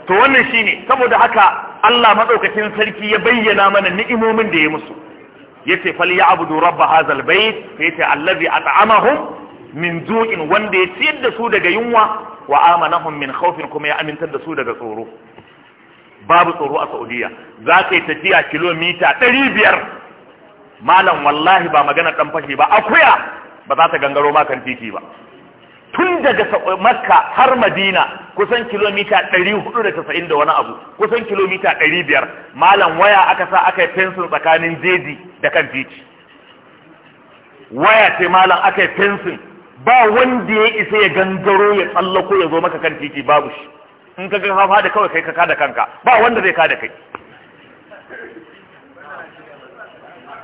to wannan shine saboda haka Allah madaukakin sarki ya bayyana mana ni'imomin da ya musu yace fal ya'budu rabb hadzal bait fa yace allazi at'amahum min zuƙin wanda ya siyar da su daga yunwa wa amanahum min khawfin kuma ya amintar da su daga tsoro babu tsoro a Saudiya za ka yi tafiya kilomita ɗari biyar malam wallahi ba magana ɗan fashe ba akuya ba za ta gangaro ma kan titi ba tun daga makka har madina kusan kilomita ɗari hudu da tasa'in da wani abu kusan kilomita ɗari biyar malam waya aka sa aka yi fensin tsakanin jeji da kan titi waya ce malam aka yi fensin ba wanda ya isa ya gangaro ya tsallako ya zo maka kan titi babu shi in ka ga hafa da kawai kai ka kada kanka ba wanda zai kada kai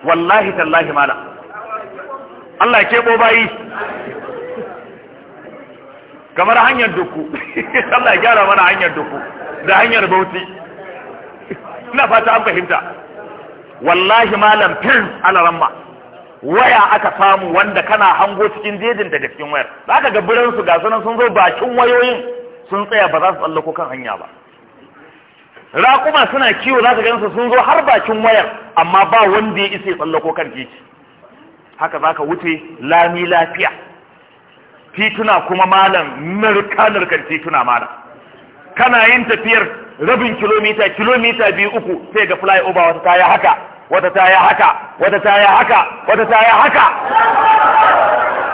wallahi tallahi mala Allah ya kebo bayi kamar hanyar duku Allah ya gyara mana hanyar duku da hanyar bauti ina fata an fahimta wallahi malam fil alaramma waya aka samu wanda kana hango cikin jejin daga cikin wayar za ka ga biransu ga sunan sun zo bakin wayoyin sun tsaya ba za su tsallako kan hanya ba raƙuma suna kiwo za ka gansu sun zo har bakin wayar amma ba wanda ya isa ya tsallako kan titi haka za ka wuce lami lafiya tituna kuma malam narka narkar tituna malam kana yin tafiyar rabin kilomita kilomita biyu uku sai ga fly over wata kaya haka wata ta yi haka wata ta yi haka wata ta yi haka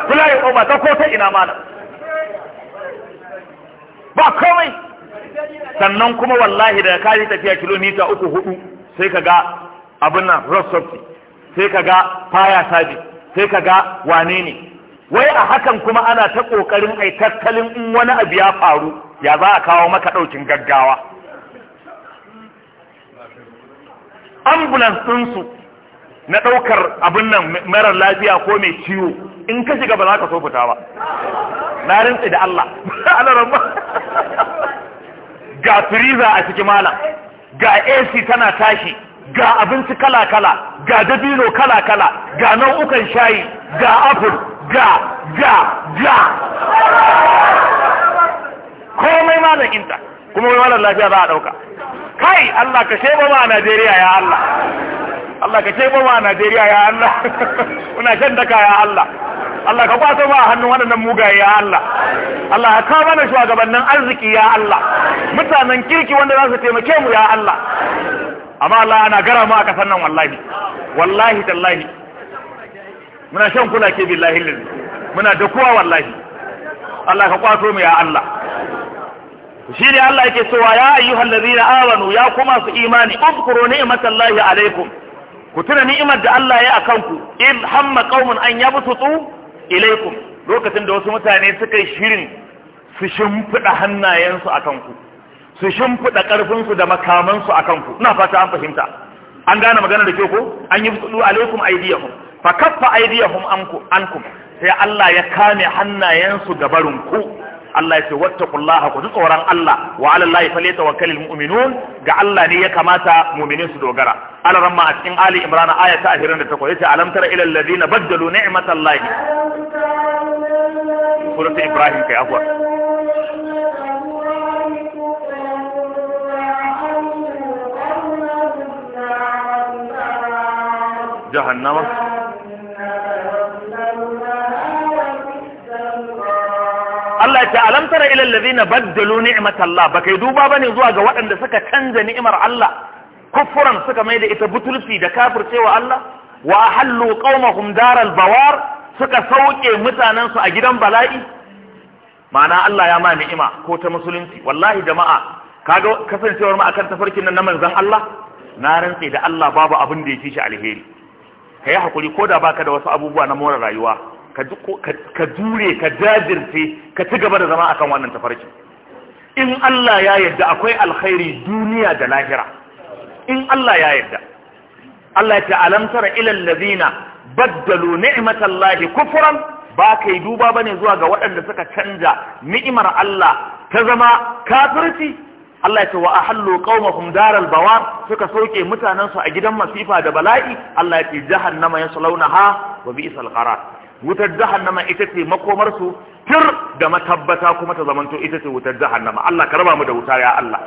fulayin over ta ko ta ina mana ba komai sannan kuma wallahi daga kaji tafiya kilomita uku hudu sai ka ga abin nan rossofi sai ka ga faya sabi sai ka ga wane ne wai a hakan kuma ana ta kokarin ai tattalin in wani abu ya faru ya za a kawo maka daukin gaggawa ambulance ɗinsu na ɗaukar abin nan marar lafiya ko mai ciwo in ka shiga ba za ka so fita ba na rintsi da Allah ga firiza a cikin malam ga AC tana tashi ga abinci kala-kala ga dabino kala-kala ga nau'ukan shayi ga apple ga ga ga komai malam inta kuma wani malam lafiya za a ɗauka kai Allah ka sheba ma a Najeriya ya Allah Allah ka sheba ma a Najeriya ya Allah muna shan daka ya Allah Allah ka kwato ma a hannun waɗannan mugaye ya Allah Allah ka kawo mana shugabannin arziki ya Allah mutanen kirki wanda za su taimake mu ya Allah amma Allah ana gara mu a kasan nan wallahi wallahi tallahi muna shan kula ke billahi lillahi muna da kowa wallahi Allah ka kwato mu ya Allah shi ne Allah yake cewa ya ayyuhal ladina amanu ya kuma su imani uzkuru ni'matallahi alaikum ku tuna ni'imar da Allah ya akan ku in hamma qaumun an yabsutu ilaikum lokacin da wasu mutane suka yi shirin su shimfiɗa hannayensu akan ku su shimfiɗa ƙarfinsu da makamansu akan ku ina fata an fahimta an gane magana da ke ko an yi fudu alaikum aydiyahum fa kaffa aydiyahum ankum ankum sai Allah ya kame hannayensu gabarun ku Allah ya ce wattaqullaha ku ji tsoron Allah wa ala Allah falyatawakkalul mu'minun ga Allah ne ya kamata mu'minin su dogara alaran ma a cikin Ali Imran aya ta 28 yace alam tara ilal ladina baddalu ni'matallahi surat Ibrahim kai afwa jahannama aya ta alam tara ila allazina baddalu ni'matallah ba kai duba bane zuwa ga waɗanda suka canza ni'imar Allah kufuran suka maida ita butulci da cewa Allah wa ahallu qaumahum daral bawar suka sauke mutanen su a gidan bala'i ma'ana Allah ya ma ni'ima ko ta musulunci wallahi jama'a kaga kasancewar mu akan tafarkin nan na manzon Allah na rantse da Allah babu abin da ya fi shi alheri kai hakuri ko da baka da wasu abubuwa na more rayuwa ka jure ka jajirce ka ci gaba da zama akan wannan tafarki in Allah ya yarda akwai alkhairi duniya da lahira in Allah ya yarda Allah ya ce alam na, ila allazina baddalu ni'matallahi kufran ba kai duba bane zuwa ga waɗanda suka canja ni'imar Allah ta zama kafirci Allah ya ce wa ahallu qaumahum daral bawar suka soke mutanansu a gidan masifa da bala'i Allah ya ce jahannama yaslaunaha wa bi'sal qarar wutar jahannama ita ce makomarsu tir da matabbata kuma ta zamanto ita ce wutar jahannama Allah ka raba mu da wuta ya Allah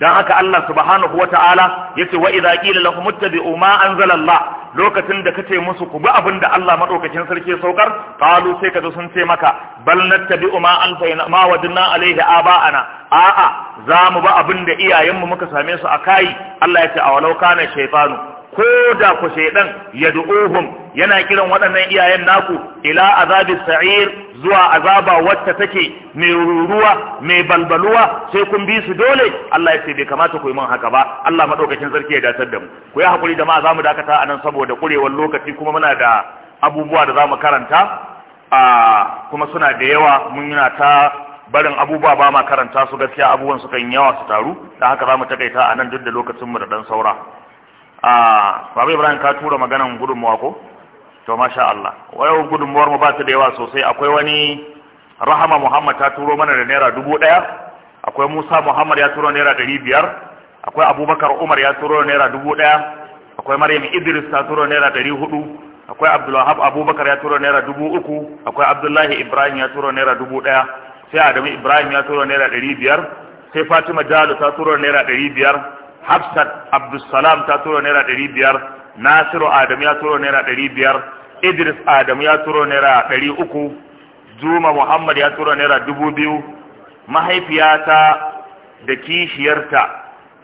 dan haka Allah subhanahu wata'ala yace wa idza qila lahum ittabi'u ma anzala Allah lokacin da kace musu ku bi abinda Allah madaukakin sarki saukar qalu sai kazo sun ce maka bal nattabi'u ma alfayna ma wadna alaihi aba'ana a'a za mu ba abinda iyayenmu muka same su akai Allah yace awalau kana shaytanu ko da ku shaidan ya du'uhum yana kiran waɗannan iyayen naku ila azabi sa'ir zuwa azaba wacce take mai ruruwa mai balbaluwa sai kun bi su dole Allah ya ce bai kamata ku yi mun haka ba Allah madaukakin sarki ya datar da mu ku yi hakuri da ma za mu dakata anan saboda kurewar lokaci kuma muna da abubuwa da za mu karanta kuma suna da yawa mun yana ta barin abubuwa ba ma karanta su gaskiya abubuwan su kan yawa su taru da haka za mu takaita anan duk da lokacin mu da dan saura a ah, babu ibrahim ka tura maganan gudunmuwa ko to masha Allah wayo gudunmuwar mu ba ta da yawa sosai akwai wani rahama muhammad ta turo mana da naira dubu ɗaya akwai musa muhammad ya turo naira ɗari biyar akwai abubakar umar ya turo naira dubu ɗaya akwai maryam idris ta turo naira ɗari hudu akwai abdulwahab abubakar ya turo naira dubu uku akwai abdullahi ibrahim ya turo naira dubu ɗaya sai adamu ibrahim ya turo naira ɗari biyar sai fatima jalo ta turo naira ɗari biyar hafsat abdulsalam ta turo naira ɗari biyar nasiru adamu ya turo naira ɗari biyar idris adamu ya turo naira ɗari uku juma muhammad ya turo naira dubu biyu mahaifiyata da kishiyarta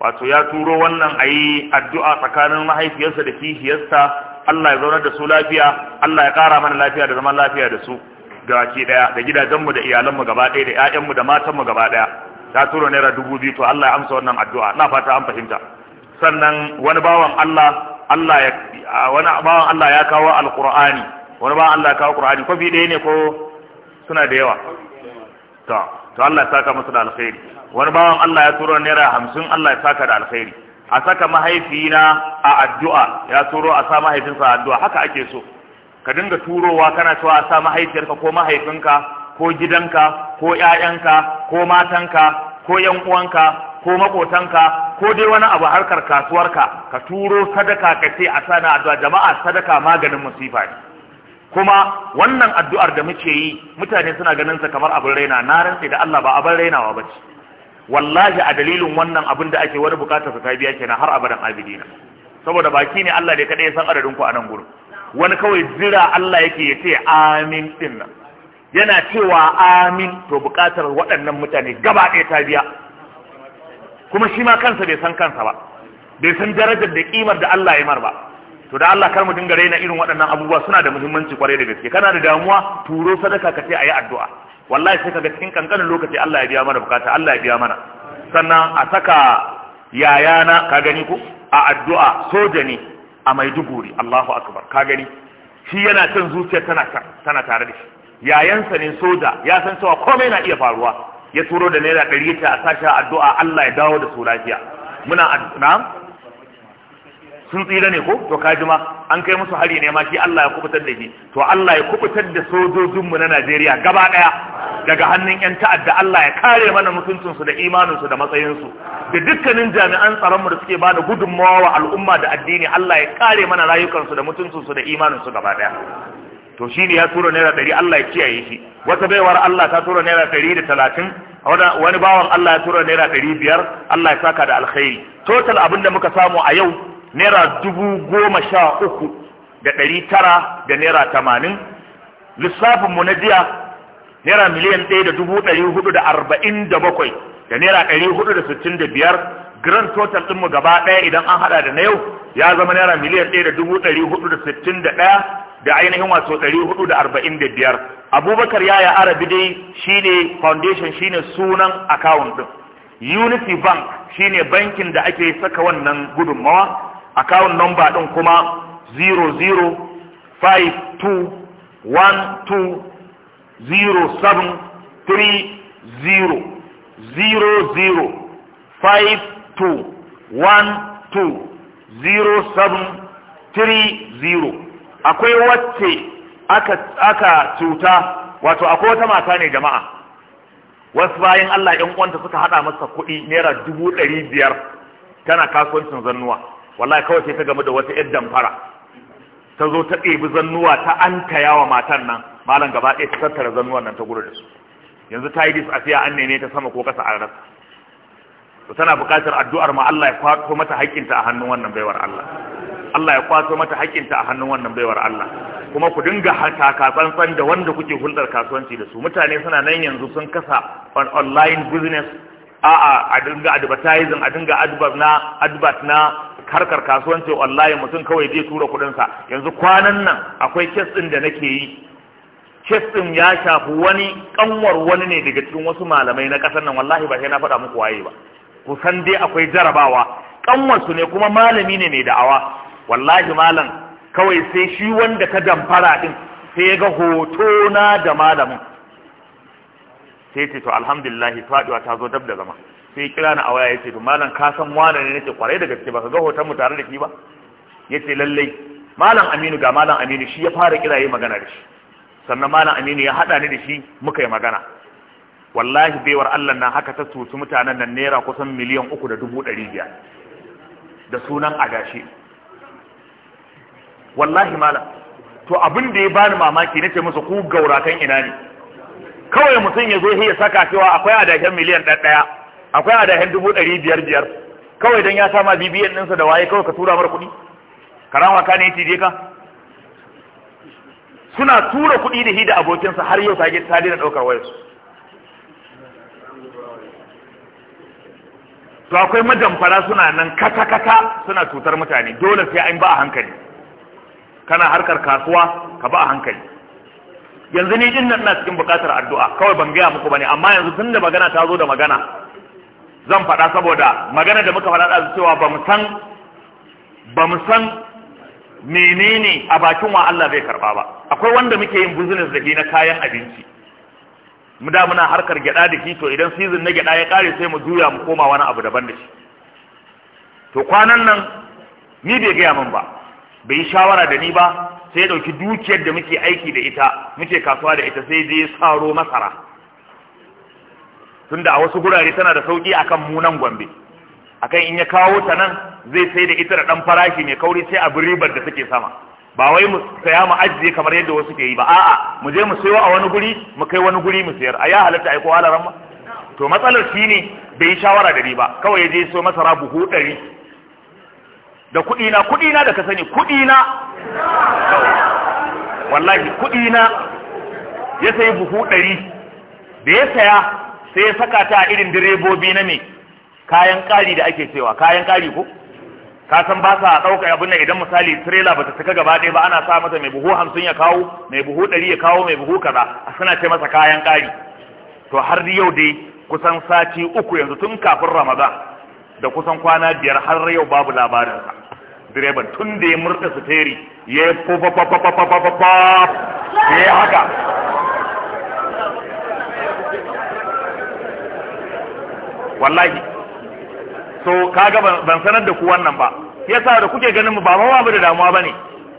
wato ya turo wannan a yi addu'a tsakanin mahaifiyarsa da kishiyarsa allah ya zaunar da su lafiya allah ya kara mana lafiya da zaman lafiya da su gabaki ɗaya da gidajenmu da iyalanmu gaba ɗaya da 'ya'yanmu da matanmu gaba ɗaya ta turo naira dubu biyu to Allah ya amsa wannan addu'a na fata an fahimta sannan wani bawan Allah Allah ya wani bawan Allah ya kawo alqur'ani wani bawan Allah ya kawo qur'ani ko bi ɗaya ne ko suna da yawa to to Allah ya saka musu da alkhairi wani bawan Allah ya turo naira hamsin Allah ya saka da alkhairi a saka mahaifina a addu'a ya turo a sa mahaifinsa a addu'a haka ake so ka dinga turowa kana cewa a sa mahaifiyarka ko mahaifinka ko gidanka ko ƴaƴanka ko matanka ko yan uwanka ko makotanka ko dai wani abu harkar kasuwarka ka turo sadaka ka ce a sana addu'a jama'a sadaka maganin musifa ne kuma wannan addu'ar da muke yi mutane suna ganin sa kamar abin raina na rantse da Allah ba abin rainawa ba ce wallahi a dalilin wannan abin da ake wani bukatar sa ta biya kenan har abadan abidina saboda baki ne Allah da ya kada ya san adadin ku a nan gurin wani kawai jira Allah yake ya ce amin din yana cewa amin to buƙatar waɗannan mutane gaba ɗaya ta biya kuma shi ma kansa bai san kansa ba bai san darajar da ƙimar da Allah ya mar ba to da Allah kar mu dinga raina irin waɗannan abubuwa suna da muhimmanci kwarai da gaske kana da damuwa turo sadaka ka ce ayi addu'a wallahi sai kaga cikin kankanin lokaci Allah ya biya mana bukata Allah ya biya mana sannan a saka yayana ka gani ko a addu'a soja ne a Maiduguri Allahu akbar ka gani shi yana cin zuciya tana tana tare da shi yayansa ne soja ya san cewa komai na iya faruwa ya turo da naira ɗari ta a sashi addu'a Allah ya dawo da su lafiya muna na? sun tsira ne ko to kajima an kai musu hari ne ma shi Allah ya kubutar da shi to Allah ya kubutar da sojojin na Najeriya gaba daya daga hannun yan ta'adda Allah ya kare mana mutuncin su da imanin su da matsayin su da dukkanin jami'an tsaron mu da suke bada gudunmawa wa al'umma da addini Allah ya kare mana rayukan su da mutuncin su da imanin su gaba ɗaya. to shi ne ya tura naira ɗari Allah ya kiyaye shi wata baiwar Allah ta tura naira ɗari da talatin wani bawan Allah ya tura naira ɗari biyar Allah ya saka da alkhairi total abin da muka samu a yau naira dubu goma sha uku da ɗari tara da naira tamanin lissafinmu na jiya naira miliyan ɗaya da dubu ɗari hudu da arba'in da bakwai da naira ɗari hudu da sittin da biyar grand total ɗinmu gaba ɗaya idan an haɗa da na yau ya zama naira miliyan ɗaya da dubu ɗari hudu da sittin da ɗaya da ainihin wato 445 abubakar ya yaya arabi dai shine foundation shine sunan account din unity bank shine bankin da ake saka wannan gudunmawa account number din kuma 0052120730 0052120730. akwai wacce aka cuta wato akwai wata mata ne jama'a wasu bayan Allah ɗan uwanta suka haɗa masa kuɗi naira dubu ɗari biyar tana kasuwancin zannuwa wallahi kawai sai ta gamu da wata yar damfara ta zo ta ɗebi zannuwa ta an wa matan nan malam gaba ɗaya ta tattara zannuwan nan ta gudu da su yanzu ta yi dis a siya an nene ta sama ko ƙasa a rasa tana buƙatar addu'ar ma Allah ya kwato mata haƙƙinta a hannun wannan baiwar Allah Allah ya kwato mata hakinta a hannun wannan baiwar Allah kuma ku dinga hataka da wanda kuke hulɗar kasuwanci da su mutane suna nan yanzu sun kasa on online business a'a a dinga advertising a dinga advert na advert na harkar kasuwanci online mutum kawai zai tura sa yanzu kwanan nan akwai kes ɗin da nake yi kes ɗin ya shafi wani kanwar wani ne daga cikin wasu malamai na ƙasar nan wallahi ba sai na faɗa muku waye ba kusan dai akwai jarabawa kanwarsu ne kuma malami ne mai da'awa wallahi malam kawai sai shi wanda ka damfara din sai ga hoto na da malamin sai ce to alhamdulillah faduwa ta zo dab da zama sai kira ni a waya yace to malam ka san wani ne nake kwarai da gaske baka ga hoton mu tare da shi ba yace lallai malam Aminu ga malam Aminu shi ya fara kira yayi magana da shi sannan malam Aminu ya hada ni da shi muka yi magana wallahi baiwar Allah na haka ta tutu mutanen nan naira kusan miliyan uku da dubu ɗari biyar da sunan adashi wallahi mala to abin da ya bani mamaki nace masa ku gaurakan ina ne kawai mutum ya zo ya saka cewa akwai adahen miliyan ɗaya akwai adahen dubu ɗari biyar biyar kawai don ya sama bibiyan ɗinsa da waye kawai ka tura mara kuɗi karan waka ne tije ka suna tura kuɗi da hida abokinsa har yau tage ta da ɗaukar wayarsu to akwai majamfara suna nan kata kata suna cutar mutane dole sai an ba a hankali kana harkar kasuwa ka ba a hankali yanzu ni ina ina cikin bukatar addu'a kawai ban gaya muku bane amma yanzu tun da magana ta zo da magana zan faɗa saboda magana da muka faɗa da cewa ba mu san ba mu san menene a bakin wa Allah zai karba ba akwai wanda muke yin business da na kayan abinci mu da muna harkar gyada da shi to idan season na gyada ya kare sai mu juya mu koma wani abu daban da shi to kwanan nan ni bai gaya min ba bai shawara da ni ba sai ya dauki dukiyar da muke aiki da ita muke kasuwa da ita sai je saro masara tunda a wasu gurare tana da sauki akan munan gombe akan in ya kawo ta nan zai sai da ita da dan farashi mai kauri sai a ribar da take sama ba wai mu saya mu ajiye kamar yadda wasu ke yi ba a'a mu je mu sayo a wani guri mu kai wani guri mu sayar a ya halatta ai ko halaran ma to matsalar shine bai shawara da ni ba kawai ya je so masara buhu ɗari da kuɗi na kuɗi na da ka sani kuɗi na wallahi kuɗi ya sai buhu ɗari da ya saya sai ya saka ta a irin direbobi na me kayan ƙari da ake cewa kayan ƙari ko ka san ba sa ɗauka abin nan idan misali trailer ba ta cika gaba ɗaya ba ana sa mata mai buhu hamsin ya kawo mai buhu ɗari ya kawo mai buhu kaza a suna ce masa kayan ƙari to har yau dai kusan sati uku yanzu tun kafin ramadan da kusan kwana biyar har yau babu labarinsa direban tun da ya murda teri ya yi fafafafafafafafa ya yi haka wallahi so kaga ban sanar da ku wannan ba yasa da kuke ganin mu ba ma ba da damuwa bane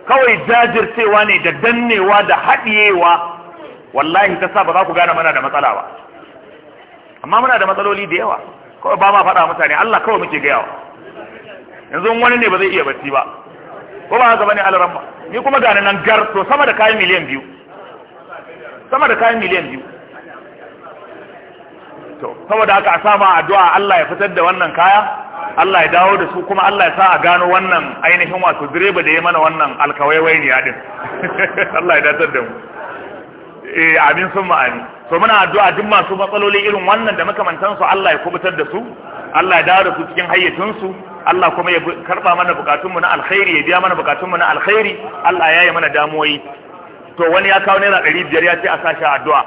kawai jajircewa ne da dannewa da haɗiyewa wallahi ta sa ba za ku gane mana da matsala ba amma muna da matsaloli da yawa kawai ba ma faɗa mutane Allah kawai muke gayawa yanzu wani ne ba zai iya bacci ba ko ba haka bane alaramma ni kuma ga nan gar to sama da kayan miliyan biyu sama da kayan miliyan biyu to saboda haka a sama addu'a Allah ya fitar da wannan kaya Allah ya dawo da su kuma Allah ya sa a gano wannan ainihin wato direba da ya mana wannan alkawaiwai ne din Allah ya datar da mu eh amin sun ma'ani so muna addu'a duk masu matsaloli irin wannan da makamantansu Allah ya kubutar da su Allah ya dawo da su cikin hayyacin su Allah kuma ya karba mana bukatunmu na alkhairi ya biya mana bukatunmu na alkhairi Allah ya yi mana damuwoyi to wani ya kawo naira ɗari biyar ya ce a sashi addu'a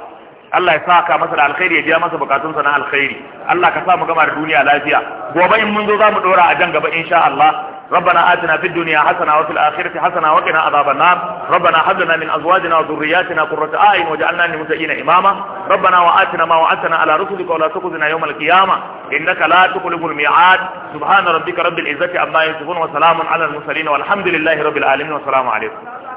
Allah ya saka masa da alkhairi ya biya masa bukatunsa na alkhairi Allah ka sa mu gama da duniya lafiya gobe in mun zo za mu ɗora a jan gaba insha Allah ربنا آتنا في الدنيا حسنة وفي الآخرة حسنة وقنا عذاب النار ربنا هب لنا من أزواجنا وذرياتنا قرة أعين وجعلنا للمتقين إماما ربنا وآتنا ما وعدتنا على رسلك ولا تخزنا يوم القيامة إنك لا تخلف الميعاد سبحان ربك رب العزة عما يصفون وسلام على المرسلين والحمد لله رب العالمين والسلام عليكم